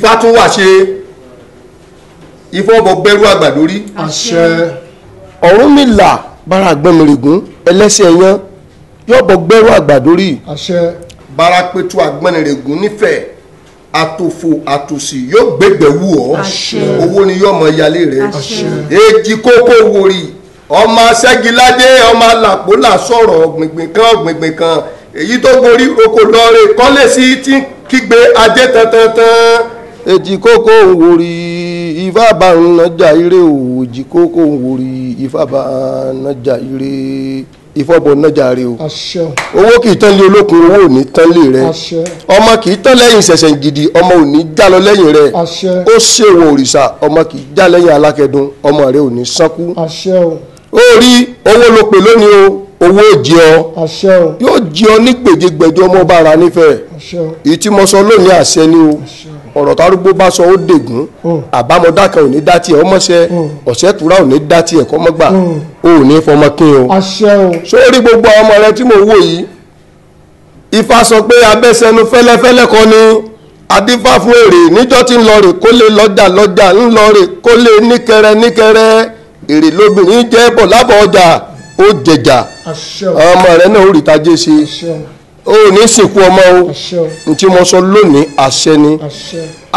ifá tún wà ṣe ifá ọbọ gbẹrú àgbà lórí. àṣẹ ọ̀rúnmìlà bára àgbọ̀nmìrìgún ẹlẹ́sẹ̀ ẹ̀yán yóò bọ gbẹrú àgbà lórí. àṣẹ bára pẹ̀tù àgbọ̀nmìrìgún nífẹ̀ẹ́ àtòfò àtòsí yóò gbẹgbẹ̀ wù ọ́ owó ni yóò mọ ìyálé rẹ̀ èjì kókó wòrì ọmọ ṣẹ́giládé ọmọ làpólà sọ̀rọ̀ gbìngbìn kan gbìngbìn kan èyí tó gorí oko lọ́ọ́rẹ́ kọ́lé sí ti kígbe ajé tantan tantan èjì kókó ń wòrì ifá bá ń nájà ire o èjì kókó ń wòrì ifá bá ń nájà ire ìfọ̀bọ̀ nájà rẹ o owó kì í tán lé olókun owó ò ní tán lé rẹ ọmọ kì í tán lẹ́yìn ṣẹ̀ṣẹ̀ gidi ọmọ ò ní já lọ lẹ́yìn rẹ ó ṣèwọ̀ òrìṣà ọmọ kì í já lẹ́yìn alákẹ́dùn ọmọ rẹ ò ní sánkú ó rí owó ló pè lónìí o owó jẹ ọ yóò jẹ ọ ní gbèjégbèjọ ọmọ bára nífẹ̀ẹ́ ìtìmọ̀sọ lónìí àṣẹ ni o. Àṣẹ ọ̀rọ̀ tárúgbó bá sọ ó dègún hmm. àbámọ̀dá kan ò ní dá tiẹ̀ ọmọṣẹ́ hmm. ọ̀ṣẹ́ tura ò ní dá tiẹ̀ kọ́mọ́gbà hmm. o ò ní fọmọ kín o. sórí gbogbo ọmọ rẹ tí mo wò yìí ifá sọ pé abẹ́sẹ̀nu fẹ́lẹ́fẹ́lẹ́ kan ni adífá fún èrè níjọ́ tí ń lọ rè kó lè lọ́jà lọ́jà ń lọ rè kó lè níkẹrẹ níkẹrẹ èrè lóbìnrin jẹ́ bọ̀ lábọ̀ ọjà ó jẹjà ọmọ rẹ náà ó rí tajé ṣe o ò ní sìnkú ọmọ o n tí mo sọ lónìí àṣẹ ni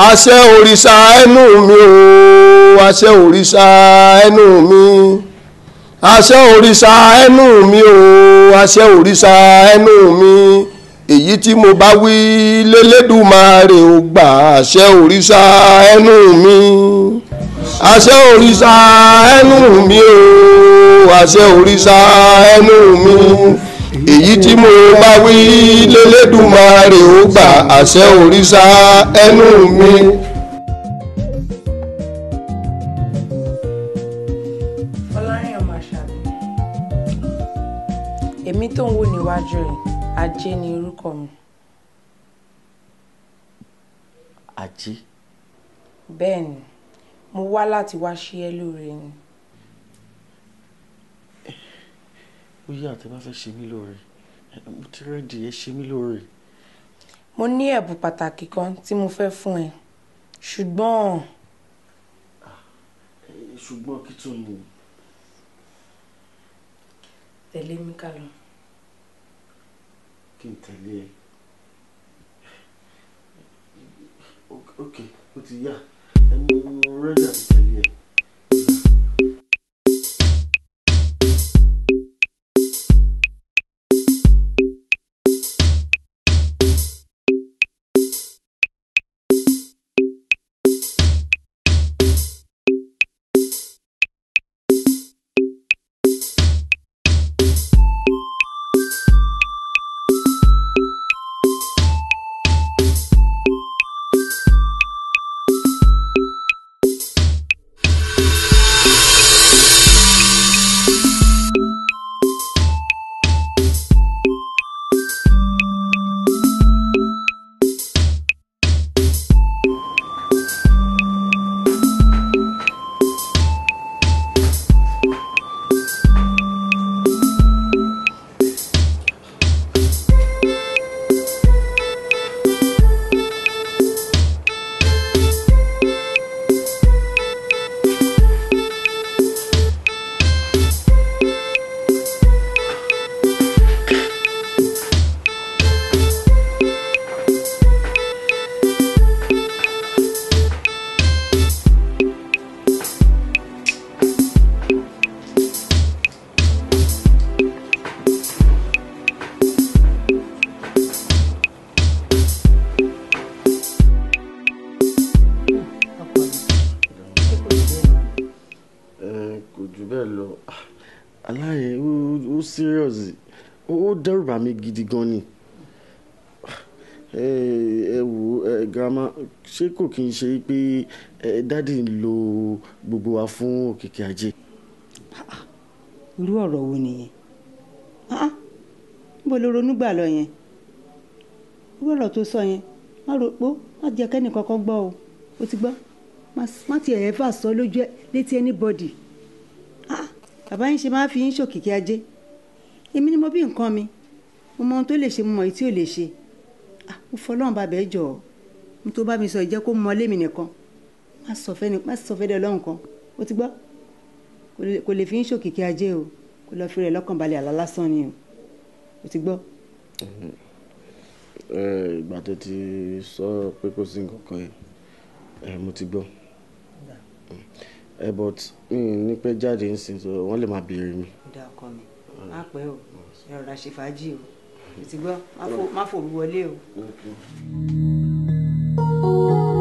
àṣẹ òrìṣà ẹnu mi o àṣẹ òrìṣà ẹnu mi àṣẹ òrìṣà ẹnu mi o àṣẹ òrìṣà ẹnu mi èyí tí mo bá wí lélẹ́dùmarè ó gbà àṣẹ òrìṣà ẹnu mi àṣẹ òrìṣà ẹnu mi o àṣẹ òrìṣà ẹnu mi èyí tí mo bá wí lélẹ́dùmarè ó gbà àṣẹ òrìṣà ẹnu mi. èmi tó ń wò níwájú rẹ̀ ajé ni orúkọ mi. ajé. bẹ́ẹ̀ mo wá láti wá ṣe ẹ́ lóore ni. ó yá àti bá fẹ́ ṣe mí lóore mo ti rẹ́dì ẹ ṣe mí lóore. mo ní ẹ̀bùn pàtàkì kan tí mo fẹ́ fún ẹ ṣùgbọ́n. Ah, ṣùgbọ́n kí tó ni. tẹ̀lé mi ká lọ. kí n tẹ̀lé ẹ. ok ó ti yá ẹni mo rẹ́dì àti tẹ̀lé ẹ. ó dẹ́rù bà mí gidi gan ni ẹ wò ẹ girama ṣé kò kí n ṣe pé ẹ dádì ń lo gbogbo wa fún òkìkí ajé. Ah, irú ọ̀rọ̀ wo nìyẹn ah, níbo ló ronú gbà lọ yẹn irú ọ̀rọ̀ tó sọ yẹn má ro pé má jẹ́ kẹ́ni kankan gbọ́ o ó ti gbọ́ má tiẹ̀ ẹ̀ sọ lójú létí anybody ah, bàbá yín ṣe máa fi yín ṣòkìkí ajé èmi ni mo bí nǹkan mi mo mọ ohun tó lè ṣe mo mọ èyí tí ò lè ṣe ah, mo fọlọ́run bàbá ẹ jọ mo tó bá mi sọ ìjẹ́ kó mọ lémi nìkan má sọ fẹ́ ni má sọ fẹ́ dẹ ọlọ́run kan ó ti gbọ́ kò lè fi ń ṣòkìkí ajé o kò lọ́ọ́ fi rẹ̀ lọ́kàn balẹ̀ àlá lásán ni o ó ti gbọ́. ìgbà tó ti sọ pé kò sí nǹkan kan yẹn mo ti gbọ́ but ní pẹ́ jáde ń sìn so wọ́n lè máa béèrè mi má pẹ́ o mm. ẹ rọra ṣe fàájì o ètí mm. gbọ́ má fò mm. wọlé o. Okay. Mm-hmm.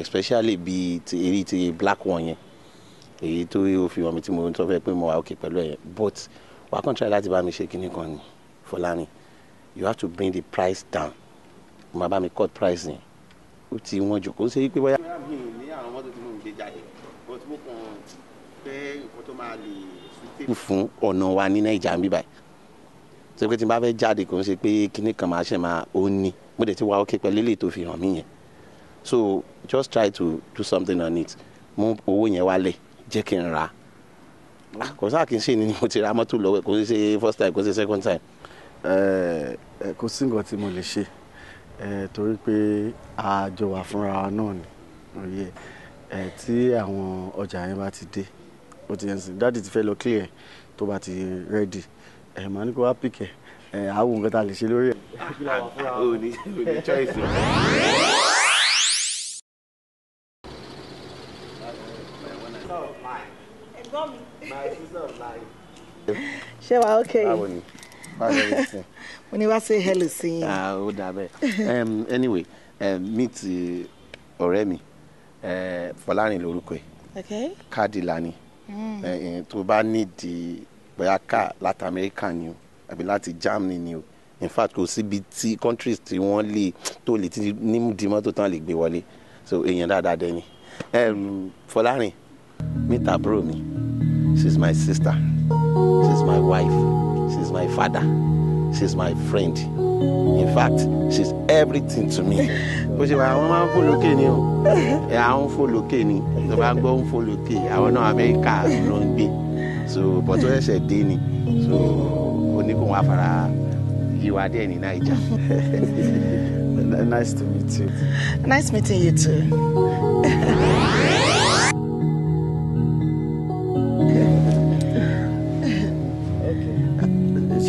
especially bíi èyí ti black one yẹn èyí tó yóò fi hàn mí tí mo tọ́ fẹ́ pé mo wà òkè pẹ̀lú ẹ̀yẹn but wà á kàn try láti bá mi ṣe kíní kan ni Fọlárin you have to bring the price down mo máa bá mi cut price yẹn ó ti wọ́n jù kó ṣe é pé bóyá. mi ò ní àwọn mọ́tò tí mo ń gbé jáde but mo kàn fẹ́ nǹkan tó máa lè sùté. fún ọ̀nà wa ní nàìjà ń bí báyìí ṣé pé tí n bá fẹ́ jáde kò ń ṣe pé kíní kan máa ṣe máa ó ní mo dẹ̀ ti wà òkè pẹ̀lú eléyìí tó fi hàn mí yẹn so just try to do something on it mú owó yẹn wálẹ̀ jẹ́ kí n ra kò sáà kì í ṣe ni mo ti ra mọ́tò lọ́wọ́ kò ṣe first time kò ṣe second time. kò sí nǹkan tí mo lè ṣe torí pé àjọ wà fúnra wa náà ni òye tí àwọn ọjà yẹn bá ti dé ó ti yẹn sìn dáàdì ti fẹ́ lọ clear tó bá ti ready ẹ̀ máa ní kó wá pìkẹ́ ẹ̀ àwọn nǹkan tá a lè ṣe lórí ẹ̀. ò ní choice. ṣé wàá okay. báwo ni mo ní wá say hello sí yín. Ah, ó dà bẹ́ẹ̀ anyway um, meet ọ̀rẹ́ mi Fọlárin lórúkọ ẹ̀ káàdì lani hmm. tó bá nídìí bóyá ká láti Amẹ́ríkà ni o àbí láti Germany ni o in fact kò síbi tí countries tí wọ́n lè tó lè ti ní di mọ́tò tán lè gbé wọlé so èèyàn dáadáa dẹni um, Fọlárin meet àbúrò mi she is my sister. She's my wife. She's my father. She's my friend. In fact, she's everything to me. Bó ṣe wà àwọn máa ń fò lókè ni o. Ẹ àwọn ń fò lókè ni. Tó bá gbọ́ ń fò lókè, àwọn náà Amẹ́ríkà ló ń gbé. So bọ̀tú ẹ̀ṣẹ̀ dé ni. So oníkùn wa fara yíwa díẹ̀ ní Naija. Nice to meet you. Nice meeting you too.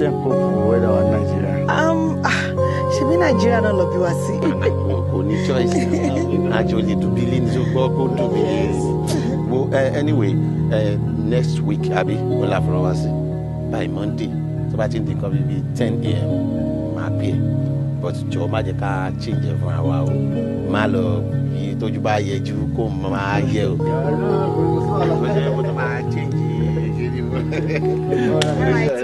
Um, ah, ṣe ń kó fún wẹ́dà wa nàìjíríà. ṣebí nàìjíríà náà lọ bí wá sí. Ah, kò ní choice àjò lè dùbílì ní ṣùgbọ́n kó dùbílì wo eh, anyway uh, next week àbí wọn là fọlọ́ wá sí by monday tó bá ti ń di nǹkan bíi ten a.m. máa pè é but jọ má jẹ́ ká change ẹ̀ fún àwa o má lọ bí tójú bá yẹjú kó máa yẹ o. ọ̀rọ̀ ló ń sọ̀rọ̀ lọ́wọ́ ẹ̀ bó tó máa change ẹ̀ ṣe ni mo.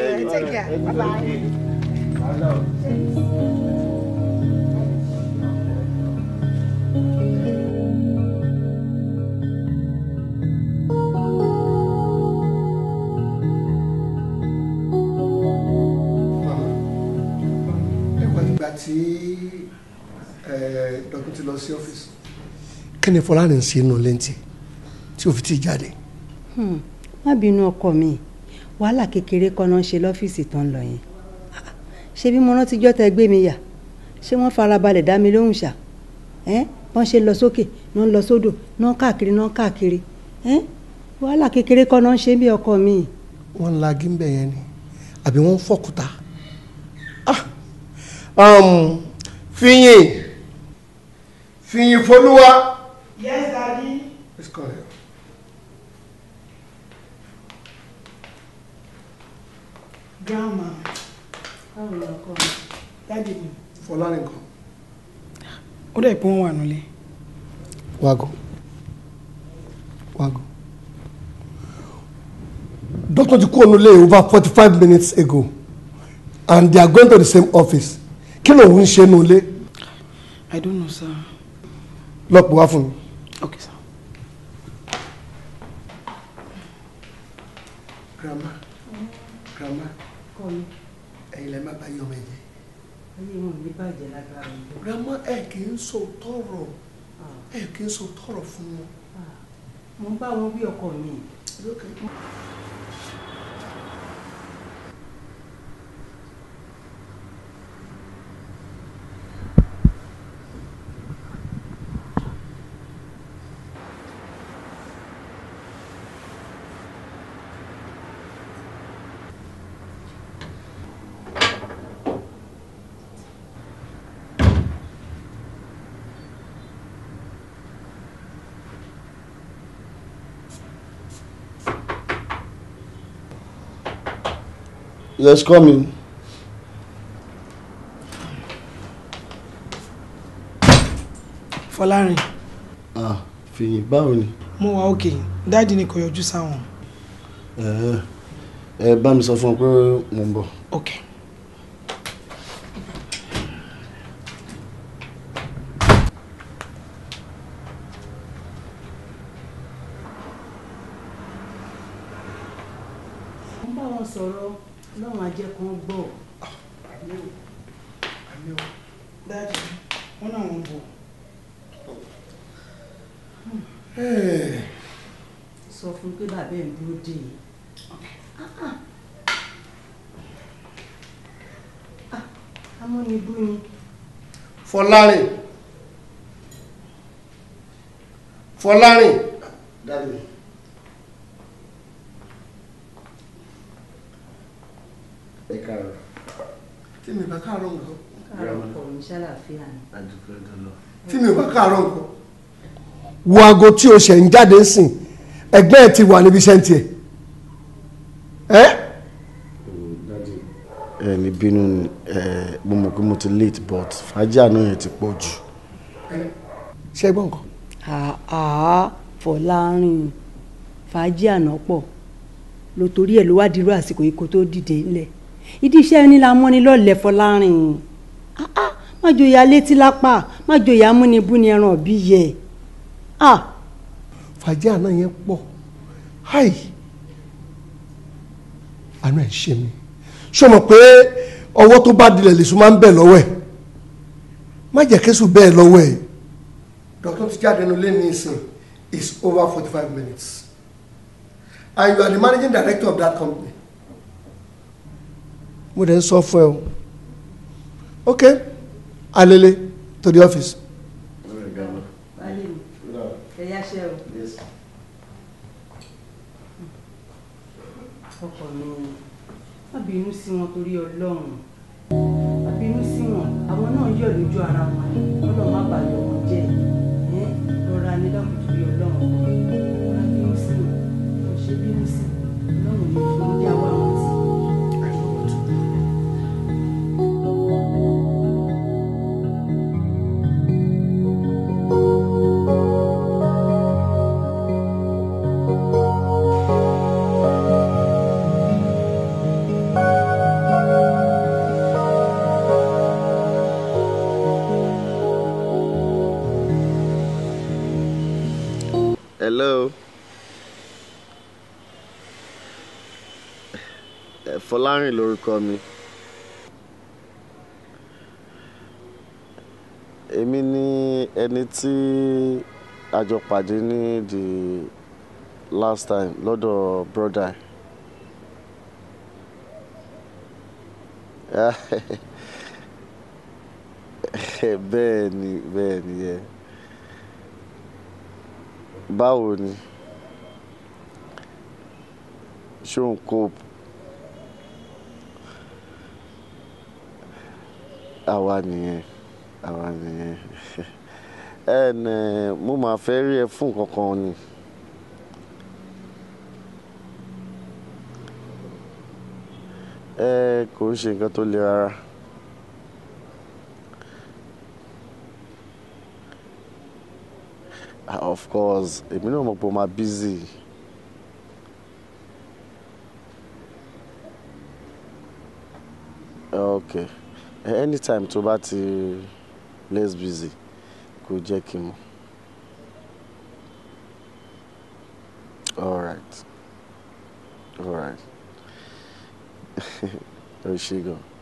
Bye bye. Bye bye. tí dókítà lọ sí ọ́fíìsì. kí ni fọlá ní sínú lẹ́ǹtì tí ò fi ti jáde. Hmm, má bínú ọkọ mi wàhálà kékeré kọ́nà ń ṣe lọ́fíìsì tó ń lọ yẹn ṣé bí mo rántí jọ́tẹ̀ gbé mi yà ṣé wọ́n farabalẹ̀ dá mi lóhùn ṣá wọ́n ṣe lọ sókè náà lọ sódò náà káàkiri náà káàkiri wàhálà kékeré kọ́nà ń ṣe bí ọkọ mi. wọ́n la gímbẹ̀ yẹn ni àbí wọ́n fọ́kúta ah, um, fíyìn fíyìn folúwa. yes daddy. let's call grandma báwo ni ọkọ mi dáàdì mi. Fọlárìnkàn. ó dẹ̀ pé wọ́n wà doctor ti kú onule over forty five minutes ago and they are going to the same office kí ló ń ṣe nulẹ̀. I don't know sir. lọ pè wá fún mi. okay sir. ọkọ mi. ẹ̀yin lẹ má bá yọ ọmọ ẹ jẹ. ayé wọn ò ní bàjẹ́ lágbára mi. grandma ẹ kì í sọ tọrọ ah. ẹ kì í sọ tọrọ fún wọn. Ah. mo ń bá wọn wí ọkọ mi. Yes, come in. Fọlárin. Ah, Fìyìn, báwo ni? Mo wà òkè, dáàdì ni kò yọjú sáwọn. Ẹ ẹ bá mi sọ fún ọ pé mo ń bọ̀. Okay. fọlárìn fọlárìn dáadé ẹ káàárọ̀ tí mi bá káàárọ̀ nǹkan káàárọ̀ kò ní ṣàlàáfíà ni àdúgbò dọlọ tí mi bá káàárọ̀ nǹkan. wo aago tí o ṣẹ̀ ń jáde ń sìn ẹgbẹ́ ẹ ti wà níbi iṣẹ́ ń ẹ́ ẹ ní bínú ẹ mo mọ̀ pé mo ti late but fàájì àná yẹn ti pọ̀ jù. ṣé gbọ́n nǹkan. àá fọlárin fàájì àná pọ̀ ló torí ẹ̀ ló wá dirú àsìkò yìí kó tó dìde ńlẹ̀ ìdí iṣẹ́ ẹni la mọ́ni lọ́ọ̀lẹ̀ fọlárin má jòyà létí lápá má jòyà múnibúni ẹran ọ̀bí yẹ. fàájì àná yẹn pọ̀ àná ẹ̀ ṣe mi ṣó mọ̀ pé ọwọ́ tó bá dilẹ̀ lè sùn máa ń bẹ̀ lọ́wọ́ ẹ̀ má jẹ́ kẹ́sù bẹ́ẹ̀ lọ́wọ́ ẹ̀. dr ti jáde nulẹ̀ ní ìsìn is over forty five minutes and you are the managing director of that company. mo dẹ̀ ń sọ fún ẹ o ok alele to the office. Yes má bínú sí wọn torí ọlọ́run má bínú sí wọn àwọn náà yọ̀ lójú ara wọn ni ọlọ́run má bàa yọ̀ wọ́n jẹ́ orúkọ mi. Èmi ni ẹni tí a pàdé ní the last time lọ́dọ̀ brother ẹ̀. Bẹ́ẹ̀ni, bẹ́ẹ̀ni ẹ. Báwo ni? Ṣé ò ń cope? àwa nìyẹn àwa nìyẹn ẹn mo máa fẹ́ rí ẹ fún nǹkan kan ni. ẹ kò ń ṣe nǹkan tó le rárá. Ah, of course èmi náà mọ̀ pé mo máa busy. okay anytime tó bá ti less busy kó jẹ́ kí n mọ̀. all right all right ó ṣe gan-an.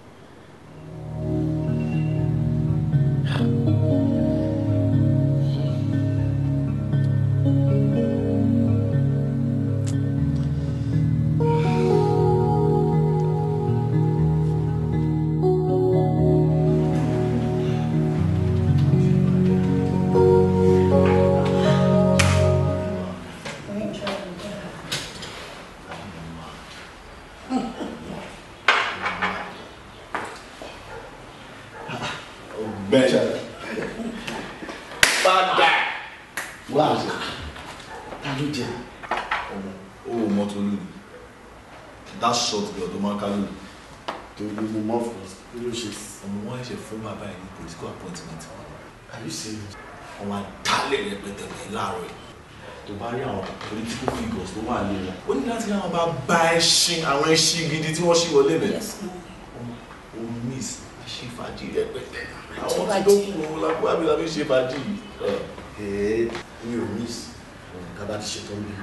ẹṣin àwọn ẹṣin gidi tí wọ́n ṣì wọlé rẹ̀ o ṣe fàájì rẹpẹtẹ àwọn tí tó kù wọn lápò àbílà ṣe fàájì ẹ̀ẹ́ mi ò miss tábà ti ṣetán bí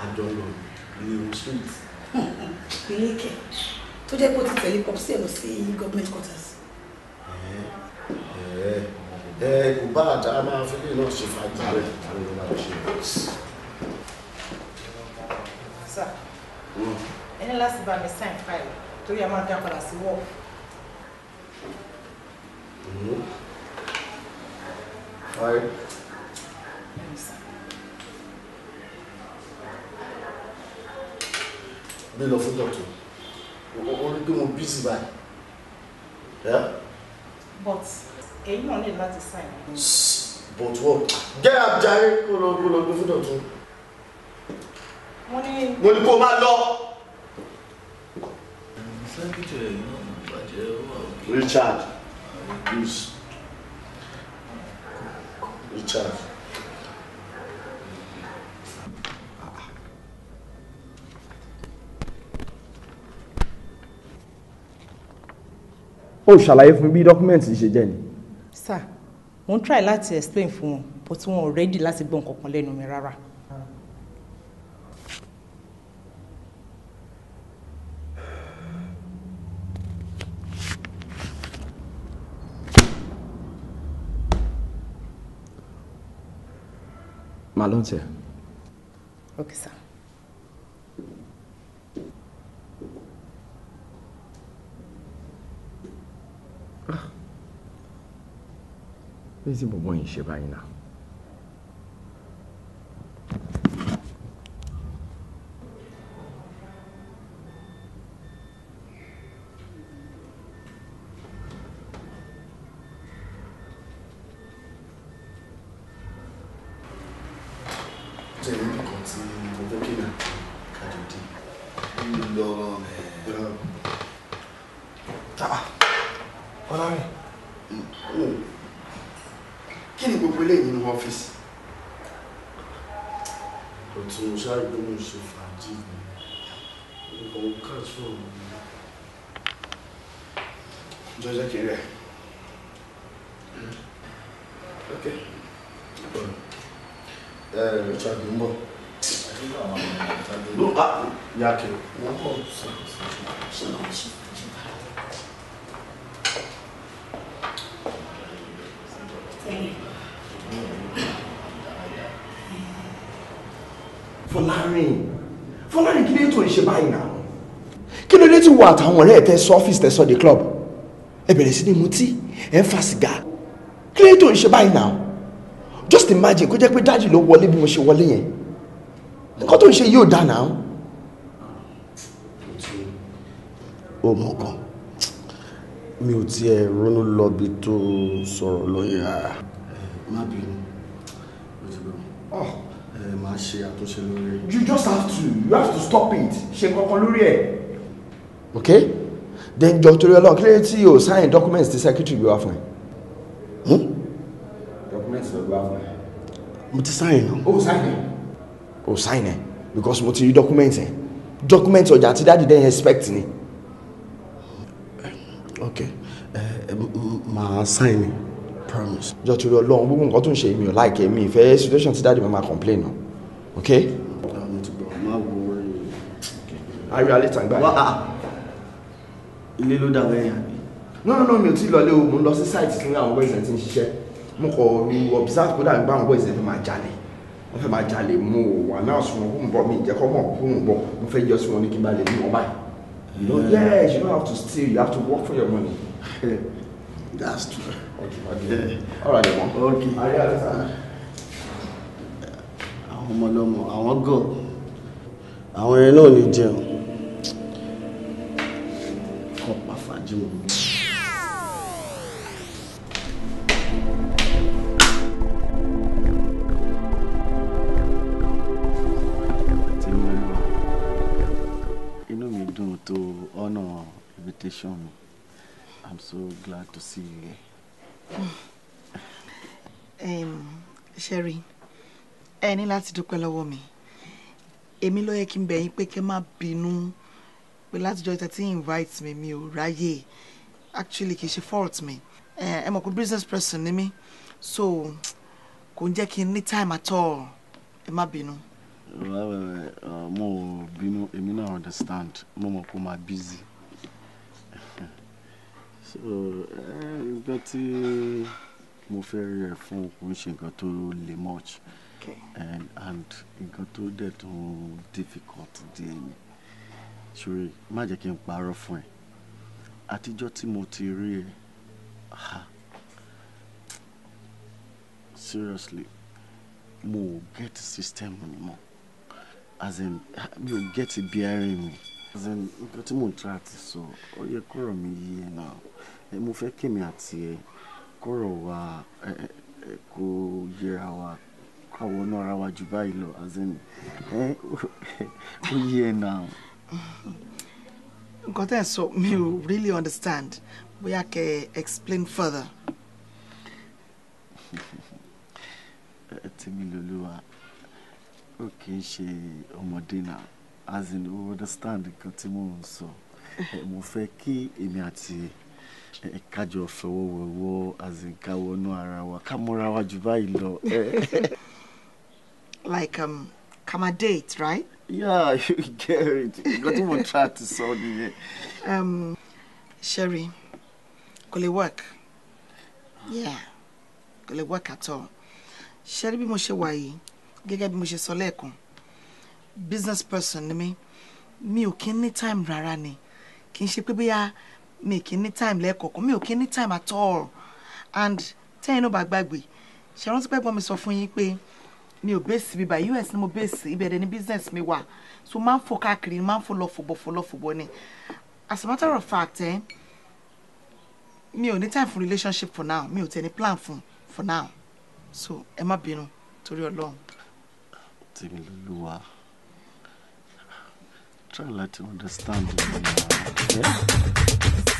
àjọlọ ní street. ìlékè tó jẹ́ kó ti tẹ̀lé pọ́pùsì ẹ̀ lọ sí government quarters. ẹ̀ẹ́ ẹ kò bá àdá máa fi náà ṣe fàájì rẹ àwọn ọmọ ṣe. Any last bá mi sign file torí a máa dá padà sí wọ́ọ̀. Mm-hmm. Fine. Bí lọ fún dọ̀tún, ó rí pé busy, man. Yeah. But èyí náà ní láti sign. But what? Get up jàre go, go, go, go, dọ̀tún. Mo ní. Mo ní kó máa lọ. Richard Hughes. Richard. ó ṣàlàyé fún bí dọ́kúmẹ́ǹtì ṣe jẹ́ ni. sir mo ń try láti explain fún wọn but wọn ò ready láti gbọ́ nǹkan kan lẹ́nu mi rárá. máa lọ́n tiẹ̀. okay sir. bí tí bọ̀bọ̀ yìí ìjàgbé ń bọ̀. ló bá ìyá kiri. wọ́n bọ̀ ṣe máa ṣe ṣe bá a. Fọlárin Fọlárin kí ló tó ń ṣe báyìí náà kí ló dé tí wọ àtàwọn ọ̀rẹ́ ẹ̀ tẹ́ sọ ọ́fíìsì tẹ́ di club ẹ bẹ̀rẹ̀ sí ní mutí ẹ ń fa sìgá kí ló tó ń báyìí náà imagine kó jẹ́ pé dájì ló wọlé bí mo ṣe wọlé yẹn nǹkan tó ń ṣe yóò dáná ó mọ̀ kan mi ò tiẹ̀ ronú lọ bí tó sọ̀rọ̀ lóyè rárá. Oh. you just have to you have to stop it ṣe kankan lórí ẹ. okay then jọ torí Ọlọ́run kí ló dé tí sign documents ti secretary gbé wá fún ẹ. Hmm? documents ló gbé wá fún ẹ mo ti sign náà. Oh, o sign ẹ. o sign ẹ because mo ti rí document ẹ document ọjà tí dáàdì dẹ́yìn expect ni. ok Ma sign ni promise. jọ torí Ọlọ́run gbogbo nǹkan tó ń ṣe mi ò láìkẹ́ mi ìfẹ́ situation tí dáàdì mi máa complain náà ok. ayọ̀ ah, alẹ́ tàgbà. Ah, ilé ló dàgbẹ́ yẹn. no no no mi ò tí ì lọ o mo ń lọ sí site tí àwọn wẹ́ẹ̀sì ti ń ṣiṣẹ́ mo kọ̀ mi observe kó dàbí báwọn boys fẹ́ máa jalè wọ́n fẹ́ máa jalè mo wà náà sùn wọn kó ń bọ̀ mí mọ̀ kó ń mo fẹ́ yọ sí wọn ní kí n bá lè ní wọn báyìí you know yes you don't have to steal you have to work for your money. that's true. okay okay all right ẹ̀wọ̀n. okay ayé àlùfà. àwọn ọmọ lọmọ àwọn gọ àwọn yẹn náà ní jẹun. so glad to see you here. Um, Sherry, ẹ ní láti dúpẹ́ lọ́wọ́ mi. Èmi ló yẹ kí n bẹ̀ yín pé kẹ́ má bínú pé látijọ́ ìta tí invite mi mi ò ráyè. Actually kì í ṣe fault mi. Ẹ mọ̀ pé business person ni mí so kò ń jẹ́ kí n ní time at all. Ẹ má bínú. Uh, mo bínú, èmi náà understand. Mo mọ̀ pé ó máa busy so eh, nǹkan tí mo fẹ́ rí ẹ fún kò ń ṣe nǹkan tó le much and and nǹkan tó dẹ̀ tó difficult díẹ̀ ni ṣùgbọ́n má jẹ́ kí n parọ́ fún ẹ àtijọ́ tí mo ti rí ẹ seriously mo ò get system mi mọ́ as in mi ò get bearing mi as in nǹkan tí mo ń try àti sọ ọ yẹ kúrò mi yí náà ẹ mo fẹ́ kémi àti ẹ kọ̀rọ̀ wa ẹ kó yẹra wa káwọ náà ara wa jù báyìí lọ azẹ́ni ẹ ó yé ẹ náà. nǹkan tẹ́ ẹ̀ sọ mi ò really understand bóyá kẹ́ ẹ explain further. tèmi wa, ó kì í ṣe ọmọdé náà azẹ́ni ó understand nǹkan tí mò ń sọ mo fẹ́ kí èmi àti ẹ kájọ fọwọ́ wọ̀wọ́ àzìká wọnú ara wa ká múra wa jù báyìí lọ. like um, come a date right. yeah you get it Got even try to sọ nìyẹn. Um, Sherry kò lè work yeah kò lè work at all Sherry bí mo ṣe wà yìí gẹ́gẹ́ bí mo ṣe sọ lẹ́ẹ̀kan business person ni mi mi ò kí ní time rárá ni kì í ṣe pé bóyá. Be mi kì í ní time lẹ́ẹ̀kọ̀ọ̀kan mi ò kì ní time at all and tẹ́yìn náà bá gbàgbé ṣe rántí pé gbọ́n mi sọ fún yín pé mi ò bẹ́ẹ̀sì bíbá us ni mo bẹ́ẹ̀sì ibẹ̀ dẹ̀ ni business mi wà so máa ń fò káàkiri máa ń fò lọ fòbọ̀ fò lọ ni as a matter of fact eh, mi ò ní time for relationship for now mi ò tẹ̀ ní plan fún for now so ẹ má bínú torí ọlọ́run. tèmi lolúwa try to understand me now. Yeah?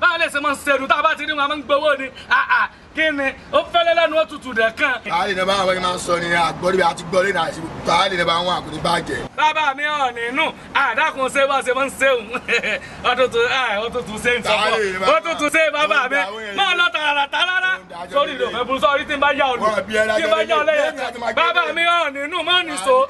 báwo lè ṣe máa ń ṣerú tá a bá ti ní wọn ń gbowó ni kí ni ó fẹ́lẹ́ lẹ́nu òtútù rẹ̀ kan. àlè ní báwọn ẹni máa ń sọ ni àgbọ̀rí àti gbọ́rí náà àti gbogbo àlè ní báwọn àkùn ní bàjẹ́. bàbá mi ò nínú àdàkùn ṣé bá ṣe máa ń ṣeun ọtútù ọtútù ṣe ń sọpọ ọtútù ṣe bàbá mi máa lọ tààràtà rárá sórí ìdòfẹ́ burúkú sọ́ọ́rí tí ń bá yá ọ tí ń bá yá ọ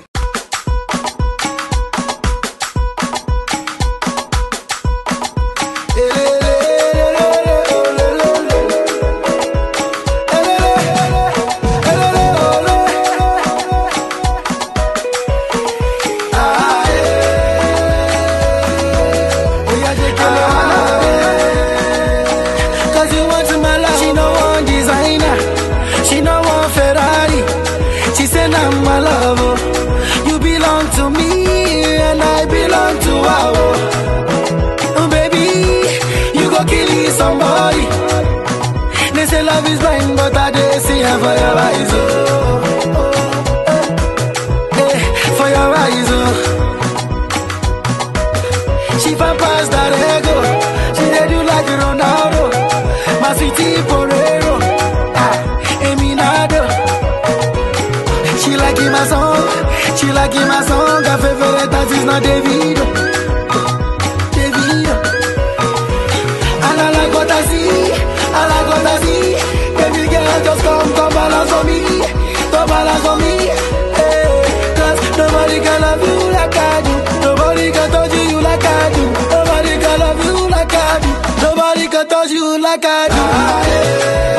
I do.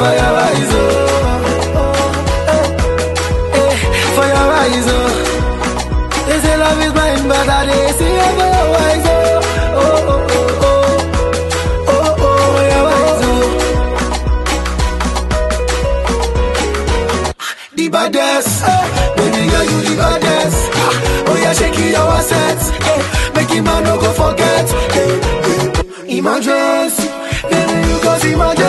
firerise, oh. Hey, eh, hey, firerise, oh. They say love is blind, but I they see a firerise, oh. Oh, oh, oh, oh. oh ah, The baddest, baby eh. you the baddest. Ah, oh hey. Eh. man no go forget, my Emergency, you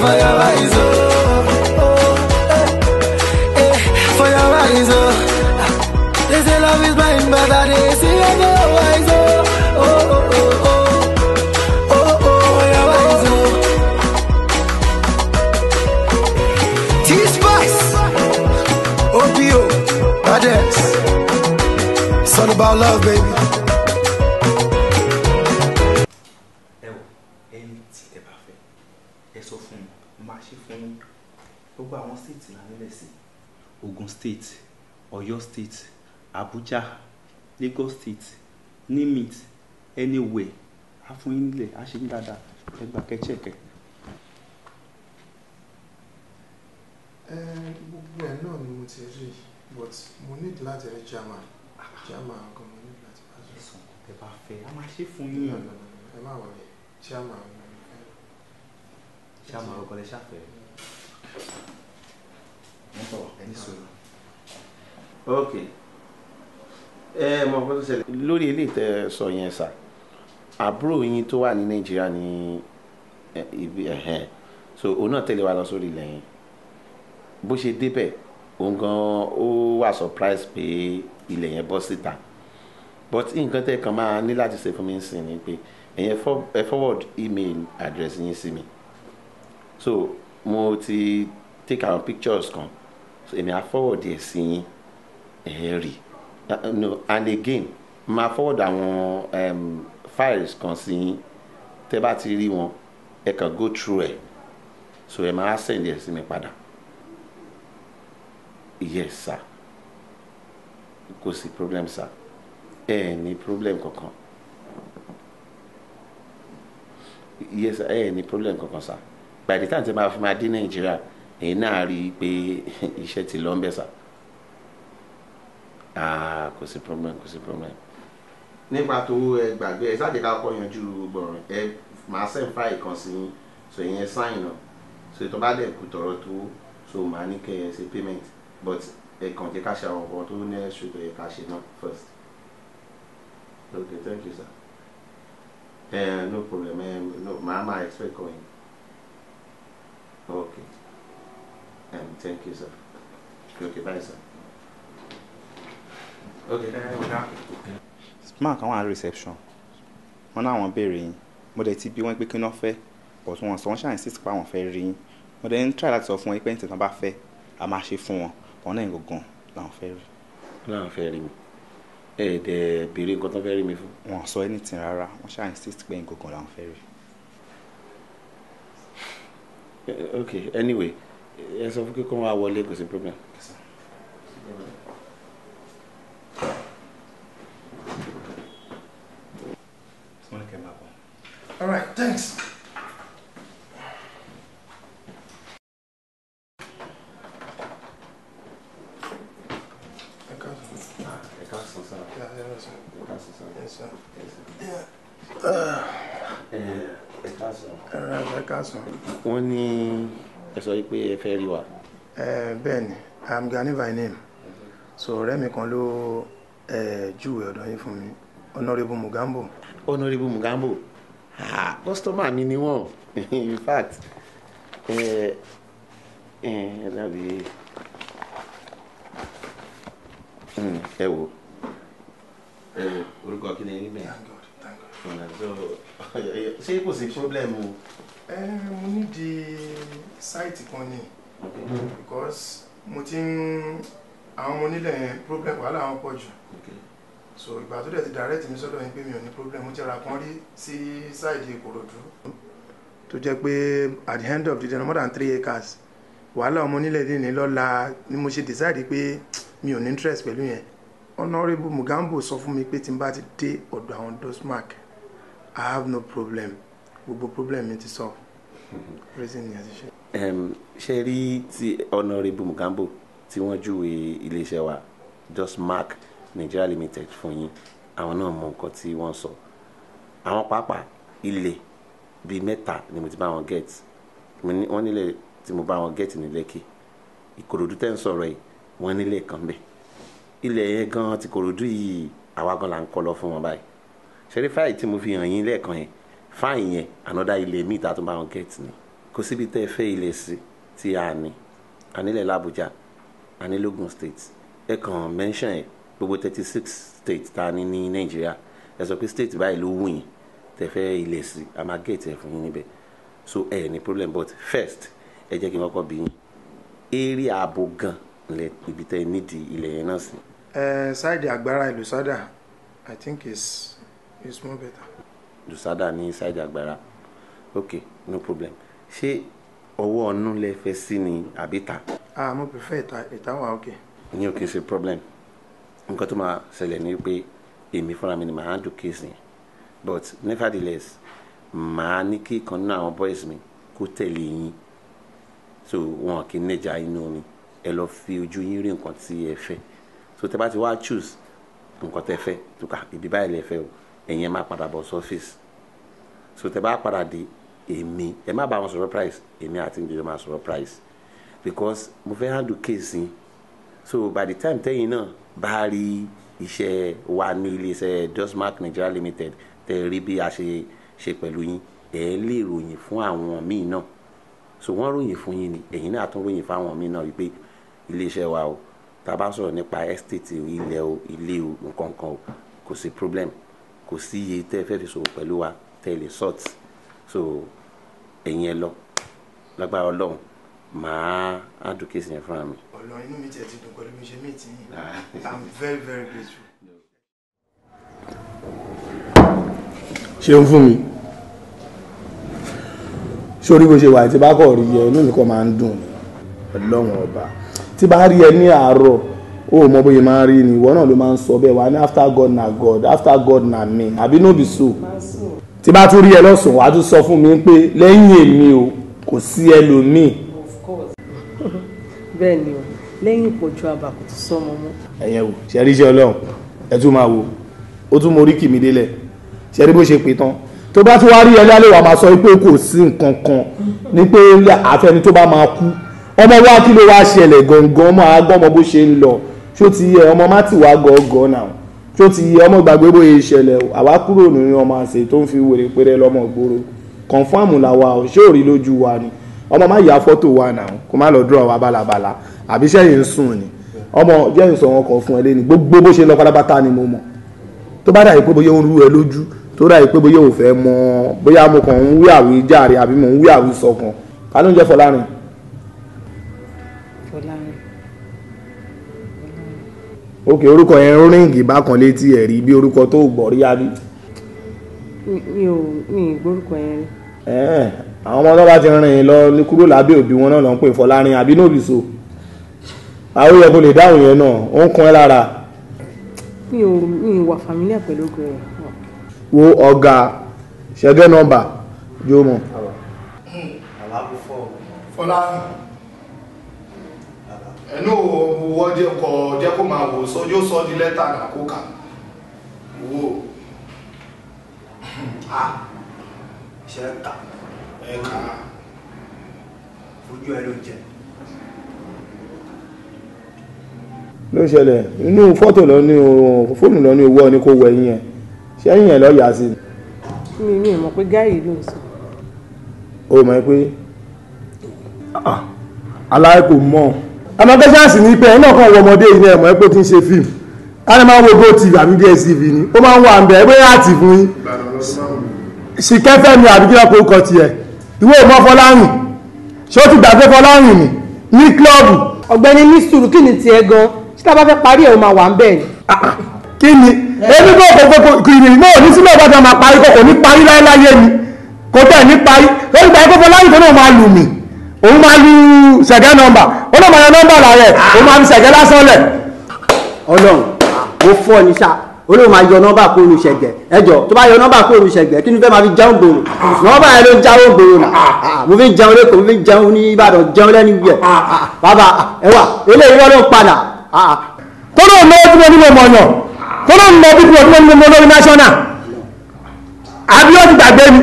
for your eyes, oh, oh eh, eh, for your eyes, oh. They say love is blind, but I they see your eyes, oh, oh, oh, oh, oh, oh, your eyes, oh. T-Spice, OPO, my It's all about love, baby. Abuja Lagos state name it anywhere á fún yín nílẹ̀ á ṣe yín dáadáa ẹ gbogbo ẹ náà ni mo ti rí but mo need láti rí German German gan mo need láti bá sọ. ẹ bá fẹ́ a máa ṣe fún yín. ẹ má wọlé German ni mo fẹ́. German ọkọ lè ṣàfẹ́rẹ́. Okay ẹ mọ nǹkan tó ṣẹlẹ̀ lórí eléyìí tẹ sọ yẹn sà àbúrò yín tó wà ní nàìjíríà ní ibi ẹ̀hẹ́n so òun náà tẹ̀lé wa lọ sórí ilẹ̀ yẹn bó ṣe débẹ̀ òun gan ó wà surprise pé ilẹ̀ yẹn bọ́ síta but nǹkan tẹ́ kàn máa ní láti ṣe fún mi sìn ni pé ẹ̀yẹn ẹ forward email address yín sí mi so mo ti take our pictures kan so èmi á forward ẹ̀ sí yín ẹ̀ rí i uh, no and again máa forward àwọn um, files kan sí yín tẹ́ bá ti rí wọn ẹ kàn go through ẹ̀ so ẹ máa send ẹ̀ sí mi padà yes sir kò sí problem sir ẹ eh, ní problem kankan yes sir ẹ eh, ní problem kankan sir by the time tẹ́ máa fi máa dé Nàìjíríà ẹ̀yin náà rí i pé iṣẹ́ ti lọ ń bẹ̀ sir ah kò sí problem kò sí problem. nípa tó ẹ gbàgbé ẹ sáà jẹ́ ká kọ́ yanjú gbọ̀ràn ẹ màá send file kan sí i so ìyẹn sign up so tó bá dẹ̀ kú tọrọ tó so màá ní kẹ́ ẹ ṣe payment but ẹ kàn jẹ́ ká ṣe àwọn nǹkan tó ní ẹ̀ṣù tó yẹ ká ṣe náà first. okay thank you sir. Uh, no problem um, uh, no màá máa expect kọ́ yín. okay um, thank you sir. okay bye sir. Mark, kàn wọ́n á reception wọ́n náà wọ́n béèrè yín mo dẹ̀ ti bí wọ́n pé kí wọ́n fẹ́ but wọ́n sọ wọ́n ṣàyìn sí ìsìnkú àwọn fẹ́ rí yín mo dẹ̀ ń try láti sọ fún wọn pé nǹkan bá fẹ́ a máa ṣe fún wọn wọn náà gangan làwọn fẹ́ rí. láwọn fẹ́ rí mi ẹ ẹ dẹ béèrè nǹkan tó fẹ́ rí mi fún. wọ́n sọ anything rárá wọ́n ṣàyìn sí ìsìnkú gangan làwọn fẹ́ rí. ok anyway ẹ sọ fún kíkọ́ wa wọlé kò sí problem. Yes, Okay, my boy. All right, thanks. wọ́n ní ẹ sọ pé ẹ fẹ́ rí wa. Eh, bẹ́ẹ̀ ni i'm Gani by name so ọ̀rẹ́ mi kan ló eh, júwèé ọ̀dọ̀ yín fún mi honourable Mugambo honourable mugambo ah customer mi ni wọ́n in fact ẹ ẹ dàbí hmm, ẹ wò. orúkọ kí ni ẹ níbẹ̀. ṣé kò sí problem o. ẹ mo ní di site kan ni because mo ti ń àwọn ọmọ onílẹ̀ yẹn problem wàhálà wọn pọ̀ jù so ìgbà tó dẹ̀ ti direct mi sọ́dọ̀ yín pé mi ò ní problem mo ti ra kan rí sí ṣáìdì ìkòròdú. tó jẹ́ pé at the end of the day more than three acres wàhálà ọmọ onílẹ̀ dì ní lọ́la ni mo ṣe decide pé mi ò ní interest pẹ̀lú yẹn honourable mugambo sọ fún mi pé tí n bá ti dé ọ̀dọ̀ àwọn dosmark i have no problem gbogbo problem mi ti solve reason ni a ti ṣe. ṣe rí ti honourable mugambo tí wọ́n júwe iléeṣẹ́ wa dosmark Nigeria Limited fún yín àwọn náà mọ nǹkan tí wọ́n sọ àwọn pàápàá ilé bíi mẹ́ta ni mo ti bá wọn get wọ́n nílẹ̀ tí mo bá wọn get ní Lẹ́kì Ìkòròdú tẹ́ ń sọ̀rọ̀ yìí wọ́n nílẹ̀ kan bẹ̀ ilẹ̀ yẹn gan ti Kòròdú yìí àwa gan la ń kọ́ lọ fún wọn báyìí ṣẹ́rí fáì tí mo fi hàn yín lẹ́ẹ̀kan yẹn fáì yẹn ànádá ilé míì tá a tún bá wọn get ni kò síbi tẹ́ ẹ fẹ́ ilẹ̀ sí tí a ní anílẹ̀ l'Abuja anílógún state ẹ kàn mention ẹ̀ gbogbo thirty six states, ta ní ní nàìjíríà ẹ sọ pé state báyìí ló wù yín tẹ fẹ́ ilẹ̀ sí a máa gẹ̀ẹ́tì ẹ̀ fún yín níbẹ̀ so ẹ ní problem but first ẹ jẹ́ kí n kọ́kọ́ bí yín eré ààbò gan lẹ ibi tẹ nídìí ilẹ̀ yẹn náà sí. ẹ ṣáìdì àgbára ìlú i think it's it's more better. ìlú sádà ní ṣáìdì àgbára ok no problem ṣé ọwọ́ ọ̀nù lẹ fẹ́ sí ni àbí ta. ah mo prefer ìta ìta wà ok. ní òkè ṣe problem nǹkan tó máa ṣẹlẹ̀ ni pé èmi fúnra mi ni màá handle case yẹn but nevertheless màá ní kí kan nínú àwọn boys mi kó tẹ̀lé yín so wọn kì í nẹja inú mi ẹ lọ fi ojú yín rí nǹkan tí ẹ fẹ́ so tẹ bá ti wá choose nǹkan tẹ fẹ́ tó ká ibi báyìí lẹ fẹ́ o ẹ̀yin ẹ máa padà bọ̀ surface so tẹ bá padà dé èmi ẹ má bá wọn sọ̀rọ̀ price èmi àti ìjọba máa sọ̀rọ̀ price because mo fẹ́ handle case yín so by the time tẹ́yìn náà bá rí iṣẹ́ wa ní iléeṣẹ́ Dustmark Nigeria Limited tẹ́ ẹ rí bí a ṣe ṣe pẹ̀lú yín ẹ̀ lè ròyìn fún àwọn míì náà so wọ́n ròyìn fún yín ni ẹ̀yin náà tún ròyìn fáwọn míì náà wípé iléeṣẹ́ wa o tá a bá sọ̀rọ̀ nípa estate o ilẹ̀ o ilé o nǹkan kan o kò sí problem kò sí iye tẹ́ ẹ fẹ́ fi ṣòwò pẹ̀lú wa tẹ́ ẹ lè sort so ẹ̀yin ẹ lọ lágbára ọlọ́run màá advocate yẹn fúnra mi. Ọlọ́run inú mi tiẹ̀ ti dùn pẹ̀lú bí ṣe mí tì yín ah. I'm very very grateful. ṣeun fún mi sórí bó ṣe wà tí bá kọ̀ rí ẹ inú mi kọ́ máa ń dùn Ọlọ́run ọba tí bá rí ẹ ní àárọ̀ o mọ bóyá máa ń rí ni ìwọ náà ló máa ń sọ bẹ́ẹ̀ wá ní after God na God after God na me àbí no be so tí bá tún rí ẹ lọ́sùn wàá tún sọ fún mi pé lẹ́yìn èmi o kò sí ẹlòmíì bẹ́ẹ̀ ni o lẹ́yìn ìpọ̀jù àbàkù tó sọmọ mọ́. ẹ̀yẹ̀ wò ṣe rí iṣẹ́ ọlọ́run ẹ tún máa wò ó tún mo rí kìmí délẹ̀ ṣe rí bó ṣe pè tán tó bá tún wá rí ẹlẹ́ àlè wà máa sọ pé kò sí nǹkan kan ní pé àfẹni tó bá máa kú ọmọ wa kí ló wá ṣẹlẹ̀ gangan máa gbọ́mọ bó ṣe ń lọ ṣó ti yẹ ọmọ má ti wá gọ́ọ̀gọ́ náà tó ti ọmọ ìgbàgbé bóyá ìṣẹ̀lẹ̀ àwa kúrò nínú ọmọ àṣẹ tó ń fi wèrè péré lọ́mọ gbòòrò kọ̀ǹfàmù làwa ò ṣé ò lójú wa ni ọmọ má yà fọ́tò wa náà kó má lọ dúró wa bálabàla àbí sẹ́yìn ń sùn ni ọmọ jẹ́ ìsọ̀ wọn kan fún ẹ lẹ́ni gbogbo bó ṣe lọ pátápátá ni mo mọ̀ tó bá dàbí pé bóyá ó ń rú ẹ lójú tó dàbí pé bóyá ò fẹ́ mọ bóyá mo kàn ń wí àwí járe àbí mo ń wí àwí sọkàn ká ló ń jẹ́ Fọlárin. ok orúkọ yẹn ríǹgì bákan létí ẹ̀rí bí orúkọ tó gbọ́ rí àbí. mi ò mi ì gbórúkọ yẹn àwọn ọmọ tó bá ti rìn lọ kúrò lábẹ́ òbí wọn náà lọ ń pè Fọlárin àbí nóbì so àwọn yẹ kó lè dáhùn yẹn náà ó ń kan ẹ lára. mi ò mi ò wà familiar pẹ̀lú ogun rẹ̀. wo ọ̀gá ṣẹ́gẹ́ nọ́mbà yóò mọ̀. fọlá ẹnu owó kọ jẹ́ kó máa wò sọ yóò sọ di lẹ́tà àkókà wo ah, ṣe ta ẹ̀ka ojú ẹ̀ ló jẹ. ló ṣẹlẹ̀ inú fọ́tò lọ ní fóònù lọ ní owó ọ ní kó wọ ẹ̀yìn ẹ̀ ṣẹ́yìn ẹ̀ lọ yà sí. mi mi mọ̀ pé gáyì ló ń sọ. o mọ̀ pé ah, aláìkò mọ̀ amagẹ́sàsì ní pé iná kan wọ ọmọdé yìí ní ẹ̀mọ́ ẹ̀ pé ó ti ń ṣe fíìmù a ní máa ń wo gotv àbí dstv ni ó máa ń wà ń bẹ̀ ẹ̀ pé láti fún yín ṣìkẹ́fẹ́ mi àbí kí lọ́kọ̀ ó kọ tiẹ̀ ìwé ìmọ̀ fọlárìn ṣé ó ti gbàgbé fọlárìn ni ní kílọ̀bù. ọ̀gbẹ́ni ní sùúrù kí ni tiẹ̀ gan ṣé tá a bá fẹ́ parí ẹ̀ o máa wà ń bẹ̀ ni. Ah, ah. kí ni ebi bò kòkòkò kìrì náà ní sílẹ̀ ìbátan máa parí kòkò ní parí láéláyé ni kò tẹ̀ ní parí ó ti gbàgbé fọlárìn tó náà máa lù mí òun máa lu sẹ̀gẹ́ nọmba ó náà máa yan nọmba làárẹ̀ òun máa fi sẹ̀gẹ́ lásán lẹ̀ ọlọ́run mo fọ́ ọ ní sáà olóò máa yọ nọ́mbà kó olùṣègbè ẹjọ tó bá yọ nọ́mbà kó olùṣègbè kí ni fẹ́ máa fi jẹun gbòòrò nọ́mbà yẹn ló ń jáwó gbòòrò nà ah, mo fi jẹun lẹ́kọ̀ọ́ mo fi jẹun ní Ìbàdàn jẹun lẹ́nu yẹ ah, ah, bàbá ẹwà eléyìí wọ́n ló ń padà. tó ló ń mọ bí wọn ní mo mọ yàn tó ló ń mọ bí wọn ní mo mọ national àbí ó ti gbàgbé mi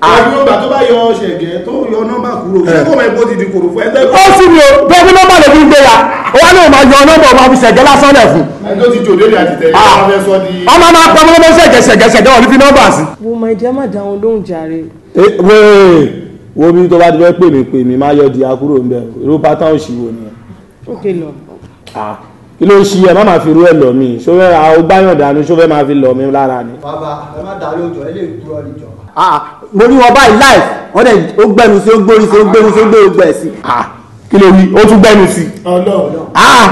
àbí ah. ọgbà tó bá yọ ṣẹ̀gẹ́ tó yọ nọ́mbà kúrò eh. kó mọ̀ ti di kòrò fún ẹgbẹ́. ó sì ní o bẹ́ẹ̀ ní nọ́mbà lè fi gbé ya ó wá ní òun máa yọ nọ́mbà òun fi ṣẹ̀gẹ́ lásán lẹ̀ fún. ti jò lórí àtìtẹ̀ yìí fẹ́ sọ di. ọmọ máa pa ọmọ ṣẹ̀gẹ́ ṣẹ̀gẹ́ ṣẹ̀gẹ́ wọ́n fi nọ́mbà sí. wo máa jẹ́ má dáhùn lóhùn jàre. Eh, wo mi tó bá ti fẹ́ pè mí pè mí má yọ di akúrò ń bẹ̀ irú pátá òṣìwò ni. ó lọ ah, kí ló ń ṣe ẹ má máa fi rú ẹ lọ mí ṣó fẹ́ gbáyàn dànù ṣó máa fi lọ mí lára ni. bàbá ẹ má dàrí òjò ẹ lè gbúrọ nìjọ Ah, mo rí wọn báyìí láì wọn dẹ̀ ó gbẹnu sí ó gbórí sí ó gbẹnu sí ó gbẹnu gbẹ sí. Ah, kí ló wí ó tún gbẹnu sí. Ah,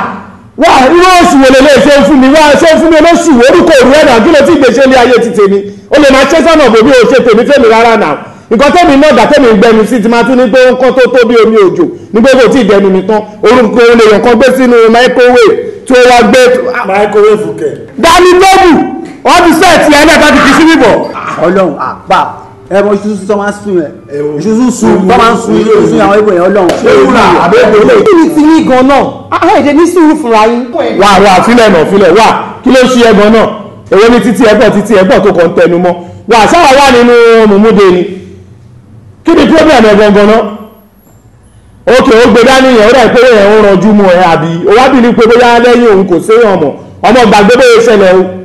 wá irú oṣù wo lélẹ́yìí ṣé ń fún mi wá ṣé ń fún mi olóṣù orúkọ òru ẹ̀dá kí ló ti gbèsè ilé ayé ti tèmi ó lè máa ṣe sọ́nà bòbí o ṣe tèmi tèmi rárá nà nǹkan tèmi náà dà tèmi gbẹnu sí ti máa tún ní pé ó ń kán tó tó bí omi òjò nígbà tó ti dẹnu mi tán orúkọ òun lèèyàn kan gbé sínú microwave tó wá gbé. microwave kẹ. dání lóbù ọ́fíìsì ẹ̀ tiẹ̀ náà bá ti fi sí bíbọ̀ ọlọ́run àpá ẹ mọ ṣuṣu tó máa ń sun ẹ ṣuṣu sun tó máa ń sun ilé ìsun àwọn ìbòyàn ọlọ́run. ṣé wúrà àbẹ́bẹ́ ilé. kí ni ti ní gan-an náà àwọn èdè ní sùúrù fúnra yín. wà wà fílẹ̀ náà fílẹ̀ wà kí ló ṣe ẹ̀gbọ́n náà èwo ni títí ẹ̀gbọ́n títí ẹ̀gbọ́n tó kàn ń tẹnu mọ́ wà sáwà wà nínú mùmúde ni kí ni pírọ́bìàmù ẹ̀gbọ̀ngàn náà Ok. ó gbé dání yẹn ó dà pé yẹn ń ranjú mu ẹ àbí ó wá bí ní pé bóyá lẹ́yìn òun kò séyàn ọmọ ọmọ gbàgbé bóyá ṣẹlẹ̀ o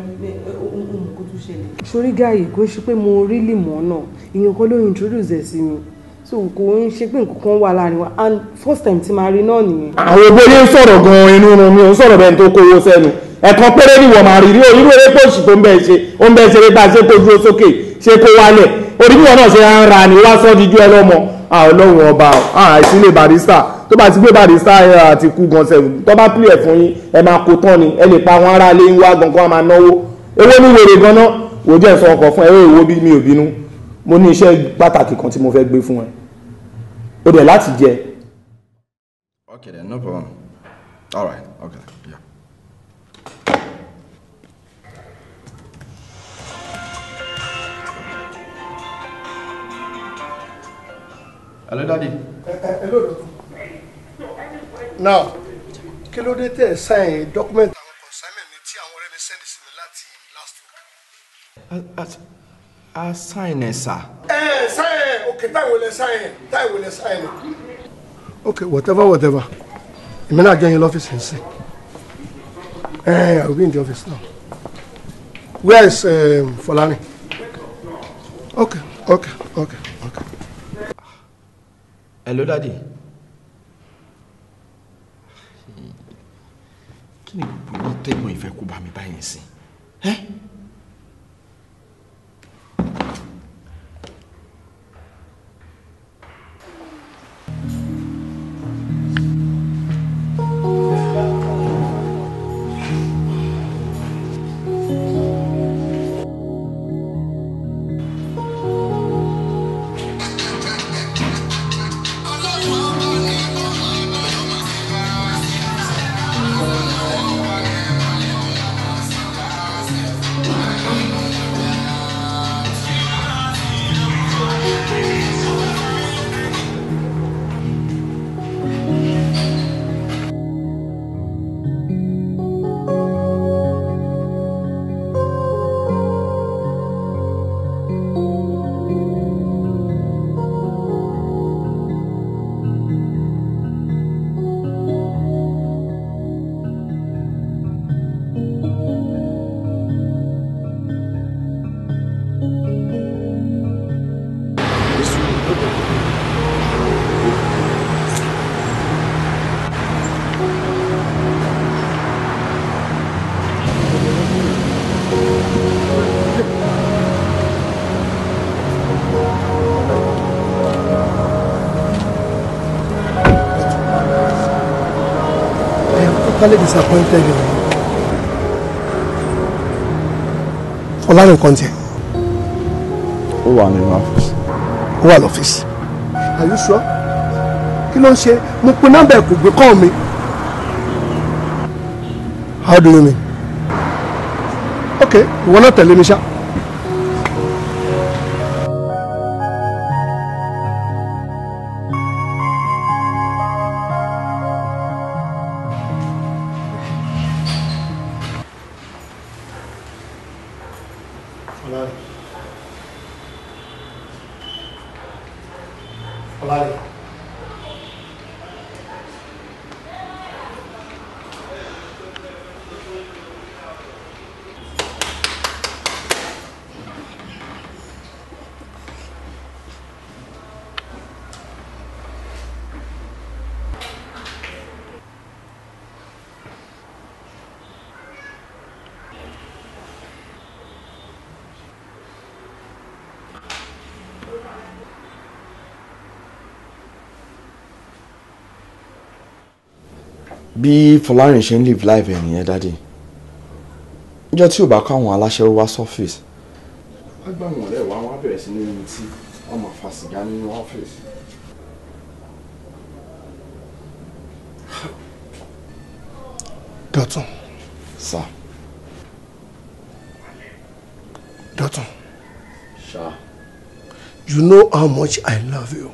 sórí gáàyè kò ṣe pé mo rí lìmọ̀ náà ìyẹn kọ́ ló introduce ẹ̀ sí mi so kò ń ṣe pé nǹkan kan wà láàrin wa and first time tí màá rí náà nìyẹn. àwọn obìnrin ń sọ̀rọ̀ gan-an inú run mi ò ń sọ̀rọ̀ bẹ́ẹ̀ tó kówó sẹ́nu ẹ̀kan péré ni wọ́n máa rí rí irú eré pòṣì tó ń bẹ̀ ṣe ó ń bẹ̀ ṣe eré bá ṣe kó dúró sókè ṣe kó wálẹ̀ orí bí wọn náà ṣe ń ra ni wá sọ́ di ju ẹlọ́mọ ọlọ́run ọba àìsílẹ̀ barista tó bá ti gbé barista àti kú gan sẹ́wọ̀n tó bá pìlẹ̀ fún yín ẹ máa kó tán ni ẹ lè pa àwọn aráalé ń wá gan kó máa náwó ewé ní wèrè gan náà wò jẹ́ sọ ọkọ̀ fún ẹ ó èwo bí mi ò bínú mo ní iṣẹ́ pàtàkì kan tí mo fẹ́ gbé fún ẹ ó dẹ̀ láti jẹ. okay then no problem all right okay yeah. hello daddy. Eh, eh, hello doctor. now kí ló dé tẹ̀ sign document a sign ẹ sá. ẹ sign ẹ ok táìwò lẹ sign ẹ táìwò lẹ sign ẹ. ok whatever whatever èmi náà jẹ́ yín your office in see. ẹ I will be in the office now where is um, Folani ok ok ok ok. hello daddy. kí ni gbogbo yìí tẹ́gbọ̀n ìfẹ́ kó bá mi báyìí sí. Eh? totally disappointed in you. Fọlárin kan tiẹ̀. Ó wà nínú ọ́fíìsì. Ó wà lọ́fíìsì. Are you sure? Kí ló ń ṣe? Mo pe nọ́mbà ẹ̀ gbé kọ́ mi. How do you mean? Okay, ìwọ náà tẹ̀lé mi ṣá. bí Fọlárin ṣe ń live live ẹ̀ nìyẹn dáàdì níjọ́ tí ò bá kó àwọn aláṣẹ́wó wá sọ́fíìsì. wọ́n gbà wọ́n lẹ́wọ̀ àwọn abẹ̀rẹ̀ sí ní ẹni tí wọ́n máa fa sìgá nínú ọ́fíìsì. Dọ̀tun. sà. Dọ̀tun. sà. you know how much I love you.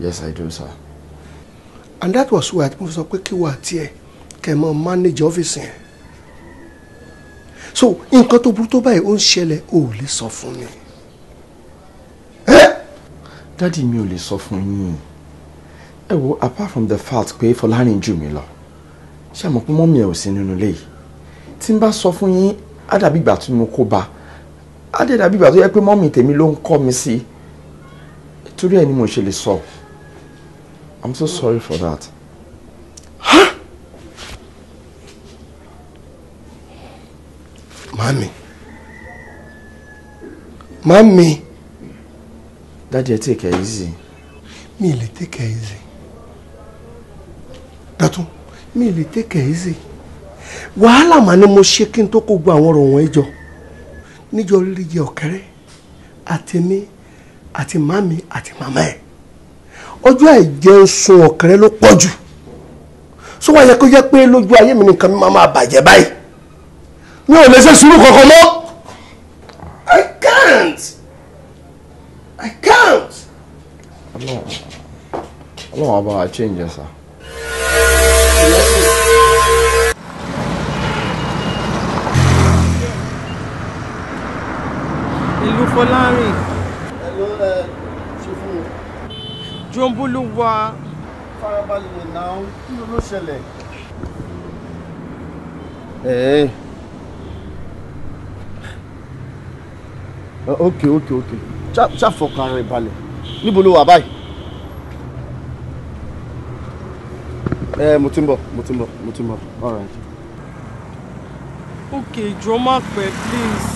yes I do sir and that was why mo fi sọ pé kí wà tiẹ̀ kẹ́ mọ manage ọ́fíìsì yẹn so nǹkan tó burú tó báyìí ó ń ṣẹlẹ̀ ò lè sọ fún mi. dádì mi ò lè sọ fún yín ẹ wo apart from the fact pé Fọlárin jù mí lọ ṣé àmọ́ pé mọ́mí ẹ̀ ò sí nínú ilé yìí tí n bá sọ fún yín á dàbí ìgbà tí mo kó ba á dẹ̀ dàbí ìgbà tó yẹ pé mọ́mí tèmi ló ń kọ́ mi sí torí ẹ̀ ni mo ṣe lè sọ. So. I'm so sorry for that. Huh? Mami. Mami. Daddy, take it easy. Mi take it easy. Dàtún, mi lè take it easy. Wàhálà mà ni mo ṣe kí n tó kó gbọ́ àwọn ọ̀rọ̀ wọ̀nyí ati Níjọ́ rírí jẹ mi àti màmí àti màmá ọjọ́ àìjẹ oṣù ọ̀kẹ́rẹ́ ló pọ̀ jù sọ wá kó jẹ́ pé lójú ayé mi nìkan máa máa bàjẹ́ báyìí mi ò lè ṣe sùúrù kankan mọ́ I can't I can't. ọlọ́run ọba wa change ẹ̀ sá. ìlú fọlárìn. Jọmbólúwa. farabalẹ̀ náà kí ló ló ṣẹlẹ̀. ẹ̀ẹ́ uh, ok ok ok ṣàfọkàn rẹ̀ balẹ̀ níbo ló wà báyìí. ẹ mo ti ń bọ̀ mo ti ń bọ̀ mo ti ń bọ̀ all right. ok jọ má pẹ́ please.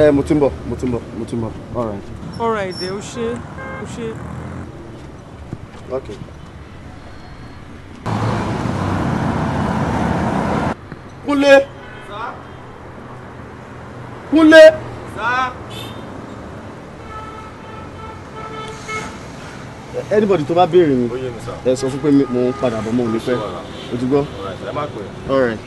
ẹ mo ti ń bọ̀ mo ti ń bọ̀ mo ti ń bọ̀ all right. all right ẹ o ṣe o ṣe. Okay. Kúnlé. Sá. Kúnlé. Sá. anybody tó bá béèrè mi ẹ sọ fún pé mo ń padà bọ̀ mọ́ òun ní pẹ́ o ti gbọ́? all right.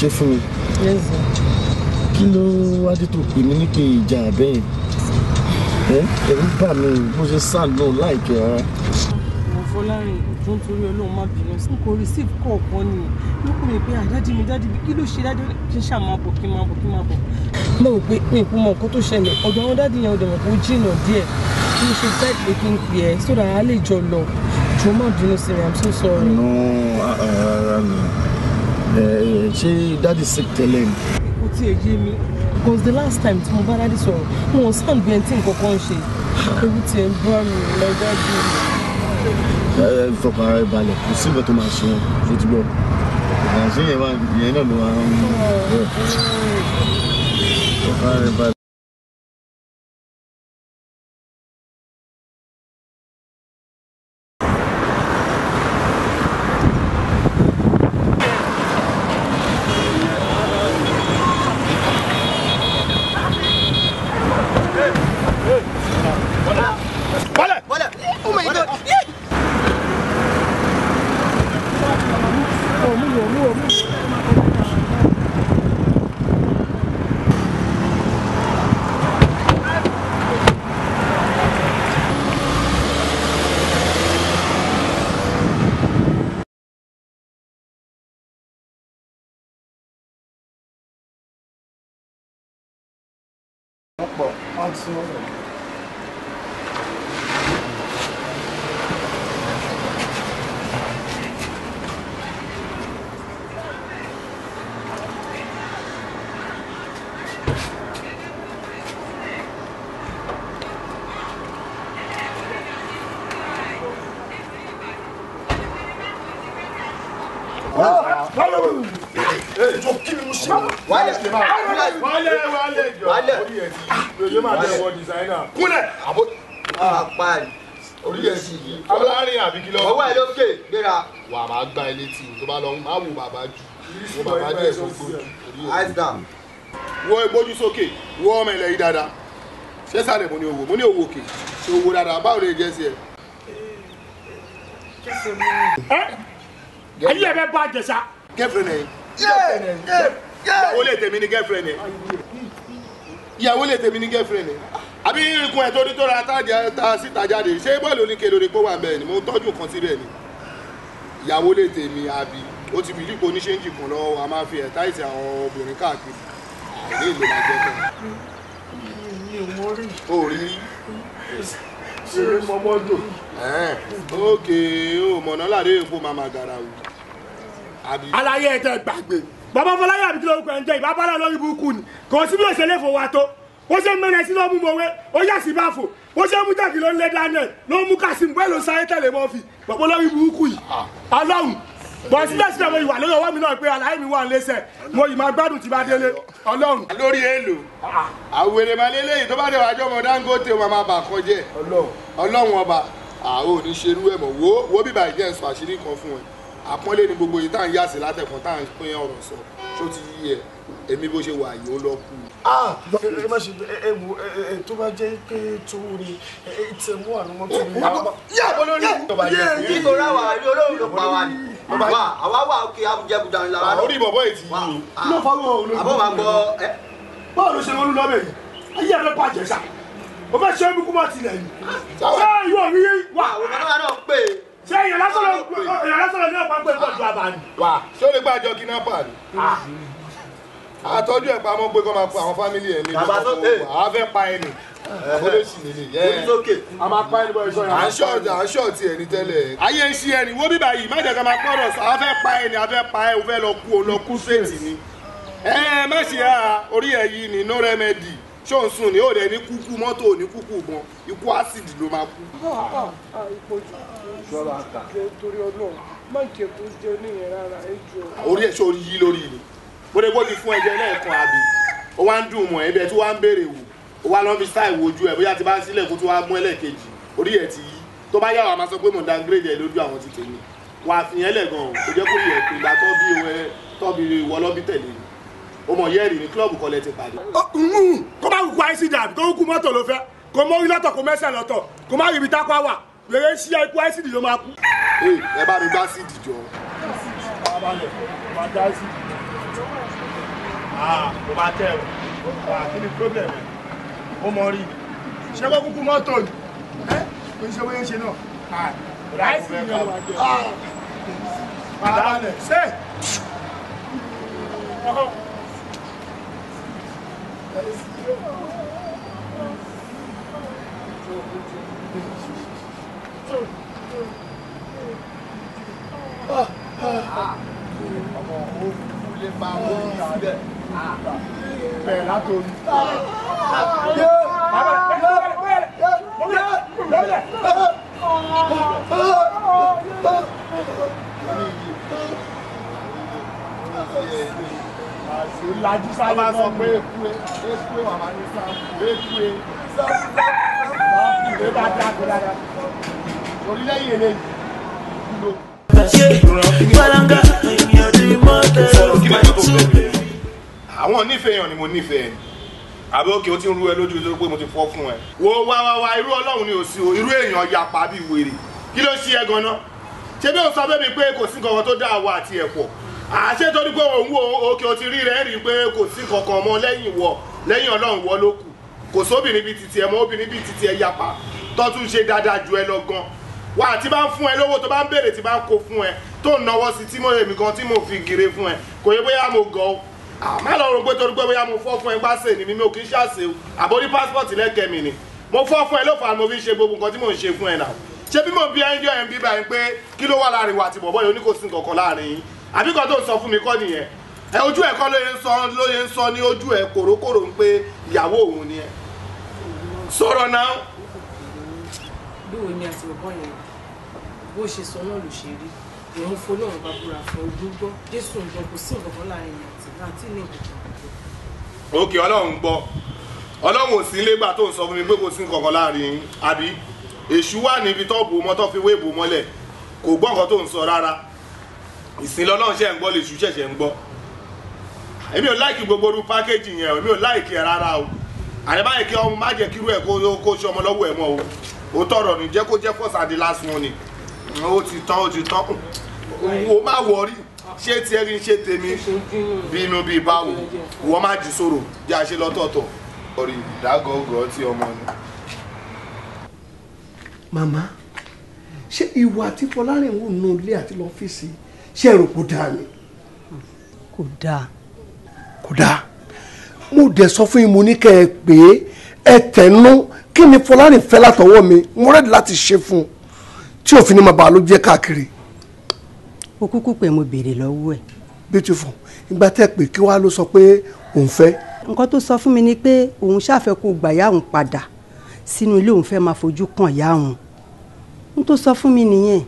ṣe fún mi. kí ló wá dé tó pè mí nípe ìjà àbẹ́yìn ẹ̀rù bà mí bó ṣe sá lóun láìpẹ́ rárá. mo fọlárin ojú nítorí ọlọ́run má bínú sí kò receive call kan ni ló kúrò pé àdájí ah, mi dájú kí ló ṣe dájú kí n ṣáà máa bọ̀ kí n máa bọ̀ kí n máa bọ̀. mo rò pé mi kò mọ nǹkan tó ṣẹlẹ̀ ọ̀dọ̀ àwọn dáàdì yẹn ọ̀dọ̀ mọ̀ kó jìnnà díẹ̀ kí n ṣe fẹ́ pé kí n pè ẹ́ sódà á lè jọ lọ jọ má bínú sí mi i'm so sorry. no rárá ni. Eh, ṣé dáàdì sick tẹ́lẹ̀ ni. kò tí ì mi because the last time tí mo bá dáàdì sọ̀rọ̀ mo ò sàn bí ẹni tí nǹkan kan ṣe ewu tiẹ̀ ń bá mi lọ́jọ́ bí. ẹ fọkàn ara ẹ balẹ̀ kò sí ìwé tó máa ṣe ṣe ti gbọ́ àṣeyẹ̀wá ìyẹn náà ló máa oh, oh. fọkàn ara ẹ balẹ̀. gan má wo bàbá jù wo bàbá díẹ̀ fún gbòdù. wọ ìgbójú sókè wọ ọmọ ilẹ̀ yìí dáadáa ṣé sáré mo ní owó mo ní owó òkè ṣe owó dáadáa báwo lè jẹ́ sí ẹ. ayé ẹ bẹ bá àjẹsà. girlfriend ẹ ìyàwó lè tèmi ní girlfriend ẹ ìyàwó lè tèmi ní girlfriend ẹ àbí ikun ẹ̀ tó ní tó ra ta síta jáde ṣé bọ́ọ̀lù oníkèlò ni pé wà bẹ́ẹ̀ ni mo tọ́jú kan síbẹ̀ ni ìyàwó lè tèmi àbí ó ti bìlí pé oníṣẹ́ńjì kan lọ́wọ́ a máa fi ẹ̀ta ìsìn àwọn obìnrin káàkiri àìní ìlú máa jẹ́ tán. mi o rí rí. ṣé mo dùn. ókè o mọ̀nà láde èpo màmá garawu. aláyé ẹ̀ tẹ́ gbàgbé bàbá fọláyà àbí kìlọ̀ ọkọ̀ ẹ̀ ń jẹ́ ìbábálá lórí burúkú ni kò sí bí òṣèlè fò wá tó ó ṣe mẹ́rin sí ló mú mọ̀wé ó yà sí báfò ó ṣe mú jàkì ló ń lé daniel ló mú kásìm bẹ́ẹ̀ ló sáré tẹ̀lé mọ́fì bàbá lórí burúkú yìí aláwùn ah bọ̀ síbẹ̀síbẹ̀ mo ìwà lórí ọwọ́ mi náà pé aláì mi wà lẹ́sẹ̀ mo ì máa gbádùn tí bá délé ọlọ́run. lórí èlò ah, ah. àwèrè máa lé léyìí tó bá dé wájú ọmọ Dangote wọn máa bà kán jẹ ọlọ́run ọba àwọn ò ní ṣerú ẹ̀ mọ̀ wo wo bíbá ìjẹ́ sọ àṣírí kan fún ẹ àpọ́nlé ni gbogbo yìí tá à ń yàsí látẹ̀kùn tá à ń pín ọ̀rọ̀ sọ tó ti yí ẹ èmi bó ṣe wà yìí ó lọ kú Ah, ẹ má ṣe ẹ wo ẹ tó bá jẹ́ pé lọ́bẹ̀ yìí ayé ẹ̀rọ bàjẹ́ sá o fẹ́ ṣe é mú kú má tilẹ̀ yìí. Ah, ṣé ìwọ mi wà. àwọn ọmọ náà náà pè é ṣe ìyàlásọ̀rọ̀ ìyàlásọ̀rọ̀ ní ọ̀pá pẹ̀lú ọ̀dọ́ àbáni. wà ṣé o lè gbàjọ kidnapper ni àtọ́jú ẹ̀ pamọ́ pé kọ́ máa pa àwọn fámìlì ẹ̀ ní ìlú àáfẹ́ pa ẹni àbólóṣì nílé yẹ a máa pa ẹni bọ́ ìṣọ́ yẹn. à ń ṣọ́ọ̀tì à ń ṣọ́ọ̀tì ẹni tẹ́lẹ̀. ayé ń ṣe ẹni wo bíbá yìí má jẹ́ ká máa pọ̀rọ̀ sọ àáfẹ́ pa ẹni àáfẹ́ pa ẹ òfẹ́ lọ kú o lọ kú séètì ni. ẹ ẹ má ṣe á orí ẹ yìí ni no remedy ṣó ń sùn ní òde ní kúkú mọ́tò ní kúkú gan ikú ásìdì ló máa kú. Ah, ah, ah, ìpòjù torí ọlọ́run má jẹ́ kó jẹ́ oníyẹn ẹ jù yí lórí ni bó de bó ti fún ẹjẹ lẹ́ẹ̀kan àbí ó wá ń dùn mọ́ ẹbẹ̀ tó wá ń béèrè wò ó wá lọ́n fi sáì wojú ẹ̀ bóyá ti bá ń sílẹ̀ kó tó wá mú ẹlẹ́ẹ̀kejì orí ẹ̀ ti yí tó bá yà wá máa sọ pé mò ń downgrade ẹ̀ lójú àwọn ti tèmi wà á fi yẹn lẹ̀ gan o jẹ́ kó yẹ kó ìgbà tó bí owó ẹ tó bí ìwọ lọ́bí tẹ̀lé ni ó mọ̀ yẹ́rì ní kílọ̀bù kọ́lẹ̀ ti pàdé. kó má kú àìsí dàbí kó kú mọ́tò ló fẹ́ kó mọ́ orílẹ̀ kó mẹ́sẹ̀ lọ́tọ̀ kó má ríbi tápá wà lèrè sí ikú àìsí dì ló máa kú. ẹ bá mi gbá sí ìdìjọ kò ah, bá tẹ̀ o ah, kí ni problem ẹ̀ ó mọ rí i ṣé wọ́n kúkú mọ́tò ni ẹ́ kò ń ṣe bóyá ń ṣe náà láìsí ah, ṣe ọmọ òun kú lè máa wọ́n ní àárẹ̀ bẹ̀rẹ̀ látòrí. Lajú sáyé sọ pé ekue, ekue màmá ní sáàpù, ekue, sáàpù, eba dáko dáadáa. Orílẹ̀-èdè lè yí. Ṣé ìrántí? Gbàdángá, ènìyàn ti mọ́ tẹ̀lé òkè tó àwọn onífẹ̀ẹ́ yàn ni mo nífẹ̀ẹ́ àbí òkè ó ti ń rú ẹ lójú tó pé mo ti fọ́ fún ẹ. wo wá wá wá irú ọlọ́run ni ò sí o irú èèyàn yapa bíi wèrè kí ló ṣe ẹ ganan ṣé bí o sọ bẹ́ẹ̀ mi pé kò sí nǹkan kan tó dá àwa àti ẹ̀ pọ̀ àṣé torí pé òun wo òkè ó ti rí rẹ̀ rí pé kò sí nǹkan kan mọ́ lẹ́yìn wọ lẹ́yìn ọlọ́run wọ ló kù kò sóbìnrin bíi titi ẹ mọ́ obìnrin bíi titi ẹ yapa tọ́tún ṣe dáadáa ju ẹ lọ gan wà ti bá ń fún ẹ lówó tó bá ń béèrè tí bá ń kó fún ẹ tó ń náwó sí tí mo rèmí gan tí mo fi gire fún ẹ kò yẹ bóyá mo gan o má lọ rò pé torí pé bóyá mo fọ́ fún ẹ gbá sè ni mi mi kì í ṣàṣe o àbórí pásítọ̀tì lẹ́kẹ̀mí ni mo fọ́ fún ẹ ló fà á mo fi ṣe gbogbo nǹkan tí mò ń ṣe fún ẹ náà ṣé bí mo bí ẹni jọ ẹ̀ ń bí báyìí pé kí ló wà láàrin wa àti bọ̀bọ́ yìí oníkòsí kankan láàrin yín àbí kan tó ń sọ fún mi kọ́ nìyẹn ẹ ojú ẹ̀ kọ́ ló yẹ ń sọ ló yẹ ń sọ ní ojú ẹ̀ kòrókòrò ń pé ìyàwó òun ni ẹ sọ̀rọ̀ náà. bí wo ni àti bọ̀bọ́ bó ṣe sọ náà ló ṣe rí ìrún fọlọ́run bá búra fún ojú gbọ́ jésù ń gbọ́ kò sí nǹkan láàrin ìyá àti ìyá àti ilé òkè ọlọ́run gbọ́ ọlọ́run ò sí lẹ́gbà tó ń sọ fún mi pé kò sí nǹkan láàrin àbí èṣù wà níbi tó bò mọ́ tó fi wé bò mọ́lẹ̀ kò gbọ́ nǹkan tó ń sọ rárá ìsìn lọ́lọ́run ṣẹ̀ ń gbọ́ lèṣù ṣẹ̀ṣẹ̀ ń gbọ́ èmi ò láìkì gbogbo orú pákéjì yẹn èmi ò láìkì ẹ̀ rárá o àdébáyé kí ọmọ má jẹ́ kírú ẹ̀ kó ṣe ọmọ lọ́wọ́ ẹ̀ mọ́ o ó tọrọ ní jẹ́ kó jẹ́ first and last one ó ti tán ó ti tán wo má wọrí ṣé tiẹ̀ rí ṣé tèmi bínú bíi báwo wọ́n má jù sọ̀rọ̀ jẹ́ àṣẹ lọ́tọ̀ọ̀tọ̀ ọ̀rẹ́ ìdágọ́gọ́ tí ọmọ ni. màmá ṣé ìwà tí fọlárìn wò nù ilé àti lọ́fíìsì ṣe rò kò dáa ni. kò dáa. kò dáa mo dẹ̀ sọ fún yín mo ní kẹ́ ẹ pé ẹ tẹ̀nú kí ni fọlárìn fẹ́ látọwọ́ mi mo rẹ́dí láti ṣe fún un tí òfin ni màá bàa ló jẹ́ káàkiri o kúkú pé mo béèrè lọ́wọ́ ẹ̀. beautiful ìgbà tẹ́ pé kí wàá ló sọ pé òun fẹ́. nǹkan tó sọ fún mi ni pé òun ṣàfẹ́ kó gbà yá òun padà sínú ilé òun fẹ́ máa fojú kàn yá òun n tó sọ fún mi nìyẹn.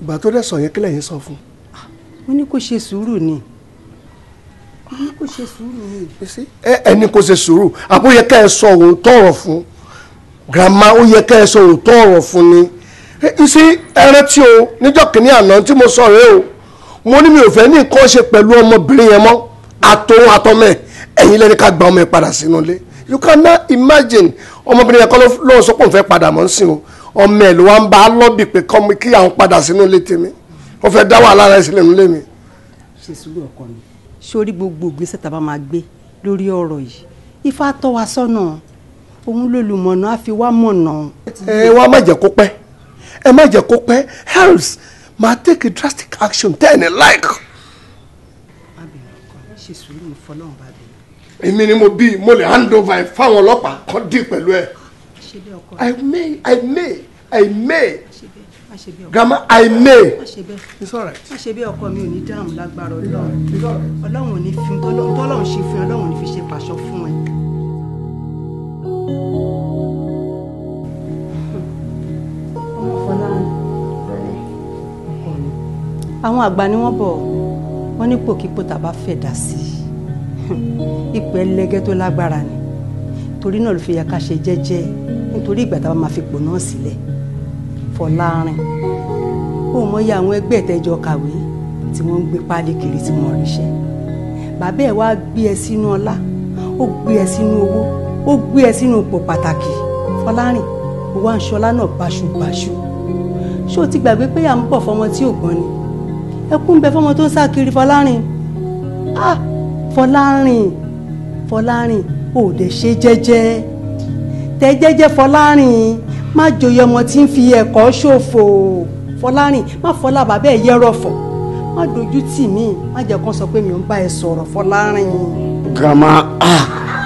ìgbà tó dẹ̀ sọ yẹn kílẹ̀ yẹn sọ fún. Ah, mo ní kó ṣe sùúrù ni mo ní kó ṣe sùúrù ni. ẹni kò ṣe sùúrù àbúyẹ ká ẹ sọ òun tọrọ fún grandma ó yẹ ká ẹ sọ òun tọrọ fún ni sí ẹran tí o níjọ́ kìíní àná tí mo sọ rẹ o mo ní mi ò fẹ́ ní nǹkan ṣe pẹ̀lú ọmọbìnrin yẹn mọ́ àtòun àtọmọ ẹ̀yin lẹni ká gba ọmọ ẹ padà sínú ilé you cannot imagine ọmọbìnrin yẹn kọ́ ló sọ pé òun fẹ́ padà mọ́ sí o ọmọ ẹ ló wá ń bá a lọ́bì pé kọ́ mi kí àwọn padà sínú ilé tèmi wọ́n fẹ́ dá wàhálà rẹ sílẹ̀ nílé mi. ṣe sùúrù ọkọ mi sórí gbogbo ìgbésẹ̀ tá máa gbé lórí ọ̀rọ̀ yìí ifá tọ́ wa sọ́nà òun lolùmọ̀nà á fi wá mọ̀nà. ẹ wá má jẹ́ kó pẹ́ ẹ má jẹ́ kó pẹ́ else máa take a drastic action ten like. èmi ni mo bí mo lè hand over fáwọn ọlọ́pàá kan dì pẹ̀lú ẹ i may i may i may grandma i may it's alright. ṣe bí ọkọ mi ò ní dáhùn lágbára ọlọ́run ọlọ́run ò ní fi tọ́lọ́run ṣe fún ẹ ọlọ́run ò ní fi ṣe pàṣọ fún ẹ. àwọn àgbà ni wọ́n bọ̀ wọ́n ní pòkípò tàbá fẹ́ dà sí i ipò ẹlẹ́gẹ́ tó lágbára ni torí náà ló fi yẹ ká ṣe jẹ́jẹ́ nítorí ìgbà táwa máa fi pò náà sílẹ̀ Fọlárin ó mọyì àwọn ẹgbẹ́ ìtẹ́jọ kàwé tí wọ́n ń gbé páálí kiri tí wọ́n ríṣẹ́ bàbá ẹ̀ wá gbé ẹ sínú ọlá ó gbé ẹ sínú owó ó gbé ẹ sínú ipò pàtàkì Fọlárin ó wá náà báṣubàṣu ṣé o ti gbàgbé pé à ń bọ̀ fọmọ tí ò gbọ́n ni ẹkún bẹ fọmọ tó ń sá kiri fọlárìn ah fọlárìn fọlárìn ò dẹ ṣe jẹ́jẹ́ tẹ jẹ́jẹ́ fọlárìn má joyè ọmọ tí ń fi ẹ̀kọ́ ṣòfò fọlárìn má fọlá bàbá ẹ yẹrọ fọ má dojú tì mí má jẹ́ kán sọ pé mi ò ń bá ẹ sọ̀rọ̀ fọlárìn. grandma ah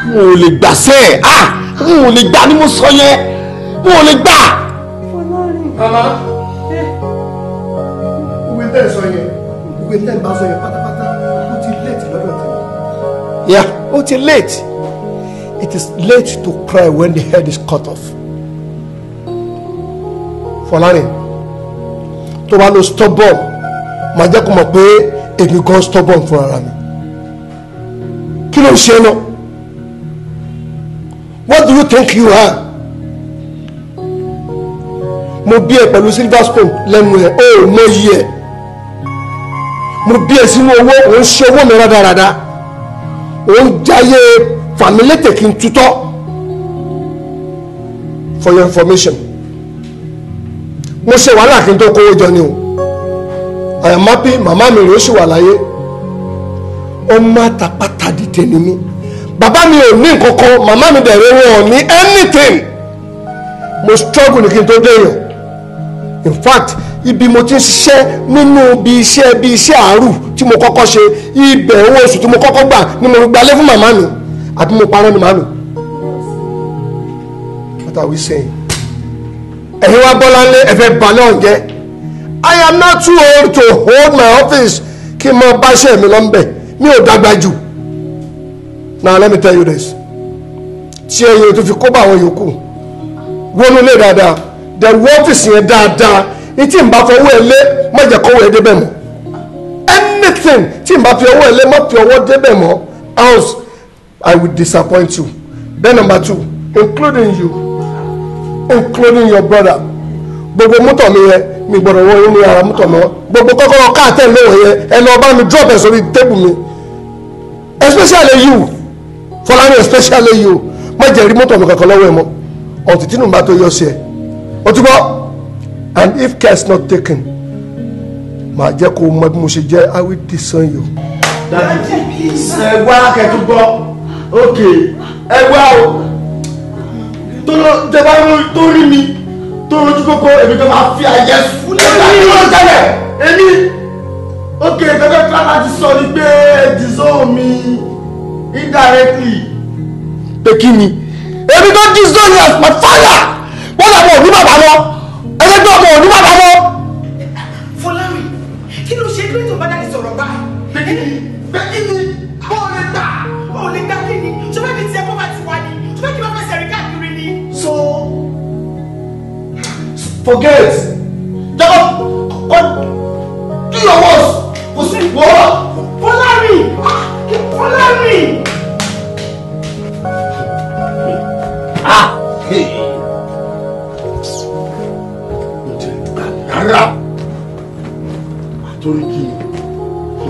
n ò lè gbà sẹ́ẹ̀ ah n ò lè gbà ni mo sọ yẹn n ò lè gbà. fọlárìn. mama wíwí eh. tẹ̀sán yẹn yeah ó ti late it is late to cry when the head is cut off. fọlárin tó bá lo stubborn màá jẹ́ kó mọ̀ pé èmi gan stubborn fún ara mi kí ló ń ṣe náà what do you think you are mo bí ẹ pẹ̀lú silver spoon lẹ́nu ẹ̀ ó ò mọ iye ẹ̀ mo bí sínú owó ò ń ṣe owó mi rádaràda ò ń jayé fàmílétè kí n tutọ́ for your information mo ṣe wàhálà kí n tó kówó jọ ni o I am happy màmá mi rè ó sì wà láyé ọmọ àtàpàtà dìde ni mí bàbá mi ò ní nǹkan kan màmá mi dẹ̀ rẹ̀ ní anything mo struggle ní kí n tó dé yàn in fact ibi mo ti ń ṣiṣẹ́ nínú bí iṣẹ́ bí iṣẹ́ àárù tí mo kọ́kọ́ ṣe ibẹ̀ owó oṣù tí mo kọ́kọ́ gbà ni mo gba lé fún màmá mi àbí mo parọ́ ni màá nù. what are we saying? ẹ̀yin wá bọ́lá ńlé ẹ̀fẹ̀ balẹ̀ ọ̀jẹ́ I am not too old to hold my office kí n máa bá iṣẹ́ mi lọ́nbẹ̀ mi ò dàgbà jù. now let me tell you this ṣé ẹ̀yin ò tún fi kó bá àwọn yòókù wọnú lé dáadáa dẹ̀wọ́ ọ́fíìsì yẹn dáadáa ní tí n bá fọwọ́ ẹ lé má jẹ́ kọ́wọ́ ẹ débẹ̀ mọ́ anything tí n bá fi ọwọ́ ẹ lé má fi ọwọ́ débẹ̀ mọ́ else I will disappoint you then number two including you including your brother gbogbo mọ́tò mi yẹn mi gbọ́dọ̀ wọ inú ara mọ́tò mi wọ́n gbogbo kọ́kọ́rọ́ káàtẹ́ lóhùn yẹn ẹ lọ bá mi drop ẹ̀ sórí tébù mi especially you Fọlárin especially you má jẹ́ rí mọ́tò mi kankan lọ́wọ́ ẹ mọ́ ọ̀títínú bá tó yọ sí ẹ ó ti and if care is not taken màá jẹ́ kó mọ bí mo ṣe jẹ́ i will disown you. dájú ẹ wá kẹtù gbọ́ òkè ẹ wá o tó lọ jẹba tó rí mi tó rojú kókó èmi tó máa fi àyè sùn. èmi ló ń tẹ̀lé èmi òkè gẹ́gẹ́ bí aláàjì sọ ni pé disown mi indirectly. pé kí ni èmi tó disown you as my father wọ́n làwọn òní bàbá wọn ẹlẹ́gbẹ́ ọmọ òní bàbá wọn. fọlámi kí ló ṣe kílódé tó bá dáni sọ̀rọ̀ báyìí. bẹ́ẹ̀ ni bẹ́ẹ̀ ni ó lè gbà ó lè gbà kí ni ṣọ́bẹ́ mi ti ẹ̀kọ́ bá ti wá ni ṣọ́bẹ́ kí n bá fẹ́ sẹ̀rí káàkiri ni. so forget jọba kọ do your worst kò sí ìwọ. fọlámi ah, fọlámi. rárá àtòrí kí ni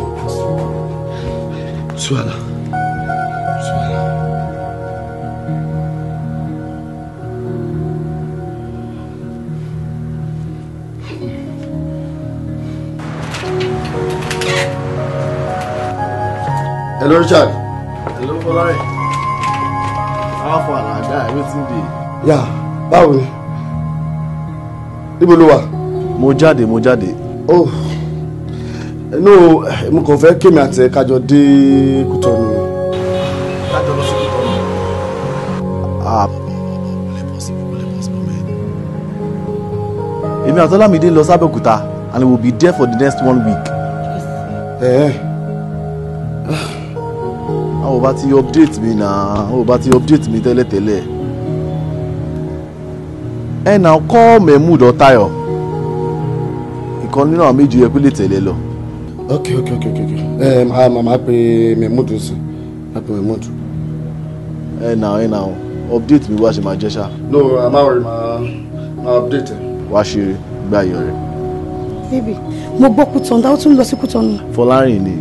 suwala suwala hello richard hello fọlárin how far are you? wetin dey. ya báwo ni níbo ló wà mo jáde mo jáde. oh no mo kàn fẹ́ kémi àti ẹ̀ kájọ dé Kútọ́nù. kájọ lọ sí Kútọ́nù. Ah. èmi àti Ọlámídé lọ sábẹ́òkúta and we will be there for the next one week. àwọn ọba ti update mi na àwọn ọba ti update mi tẹ́lẹ̀tẹ́lẹ̀ ẹ̀ náà call Mahmood or Tayo ìkan nínú àwọn méjì yẹ kó lè tẹ̀lé lọ. ok ok ok ok ẹ máa máa máa pe Mahmood sí máa pe Mahmood. ẹ nà ẹ nà ọ update mi wá ṣe máa jẹ ṣá. no àmàwòrì máa máa update ẹ. wá ṣe gbá ayọ̀ rẹ. baby mo gbọ́ kútọ́ńdà ó tún lọ sí kútọ́ńdà. Fọlárìn ni.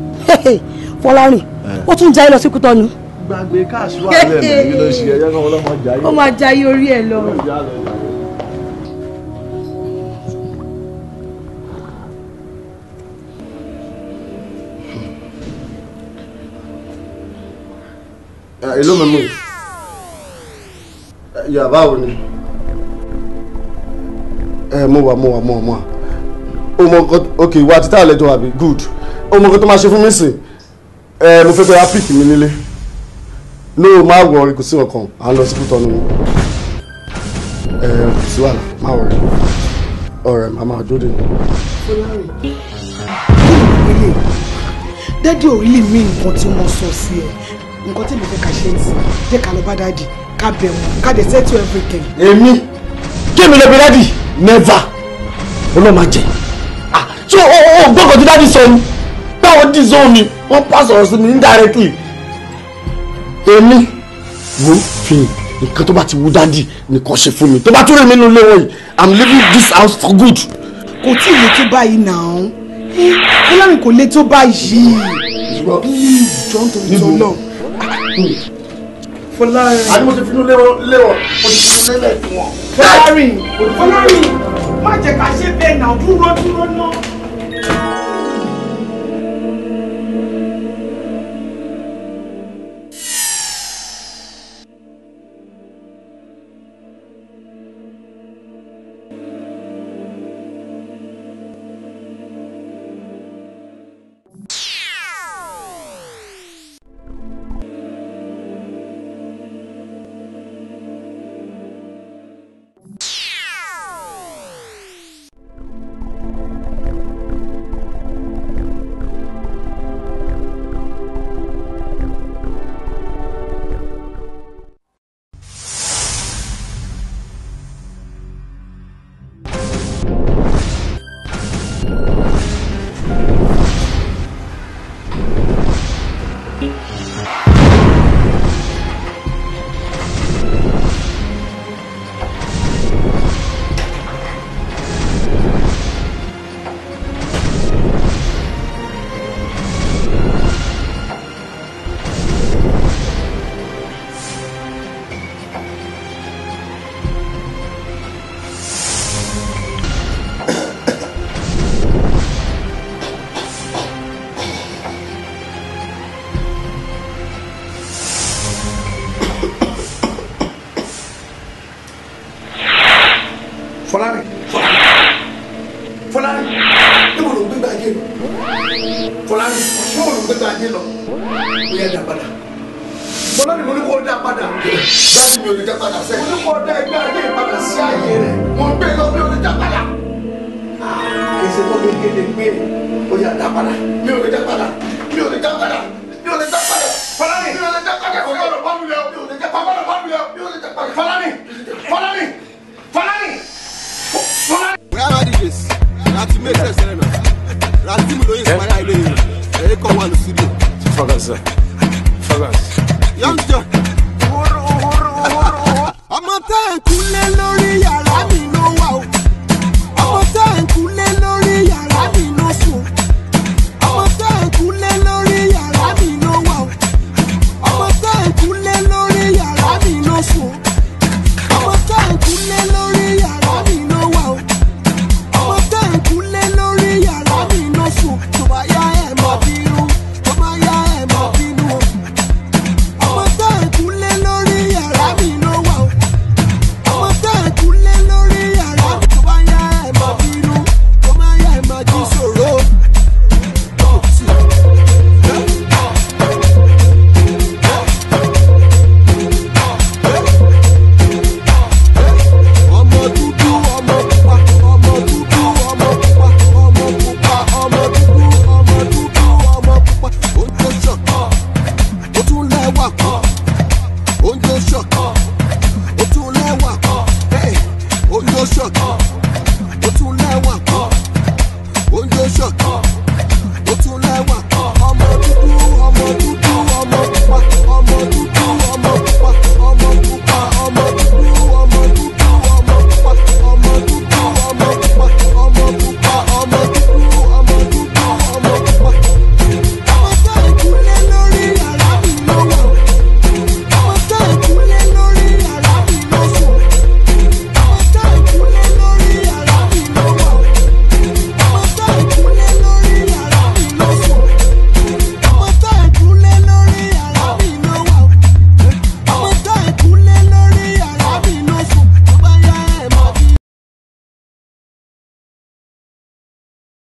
Fọlárìn ó tún jayé lọ sí kútọ́ńdà. gbàgbé káàsì wà lẹ́nu kí ló ṣe ẹ̀yẹ́ kan ọlọ́mọ jayé. ó máa jayé orí ẹ̀ lọ. èló mẹ́mú yà báwo ni ẹ eh, mo wà mo wà mo wà mo mọ nǹkan ok wa títà àlejò àbí good o mọ nǹkan tó máa ṣe fún mi sìn ẹ eh, mo fẹ́ pé apik mi nílé no má wọrí kò sí ọkàn à ń lọ sí kútọ́ nínú ẹ kò sí wàhálà má wọrí ọ̀rẹ́ màmá àjọdẹ ni. dádì ò rí nǹkan tí wọ́n sọ sí ẹ nǹkan tí mi fẹ́ ká ṣe ń sìn jẹ́ ká lọ bá dáàdì ká bẹ̀ wọ́n ká dẹ̀ settle everything. èmi kí èmi lọ bí dáàdì never ọlọ́mà jẹ so o gbọ́kàn tí dáàdì sọ ni báwọn dì zone ni wọ́n pass ọ̀rọ̀ sí mi indirectly èmi mo fi nǹkan tó bá ti wú dáàdì nìkan ṣe fún mi tó bá tún rè mí nínú ilé wọn i'm leaving this house for good. kò tí ì lè tó báyìí náà ọlọ́run kò lè tó báyìí bí ìjọ́ ń torí tó náà. Fọlárin. Àní mo ti finú lé wọn, mo ti finú lélẹ̀ fún wọn. Fọlárin. Fọlárin, má jẹ́ ká ṣe bẹ́ẹ̀ náà, dúró dúró náà.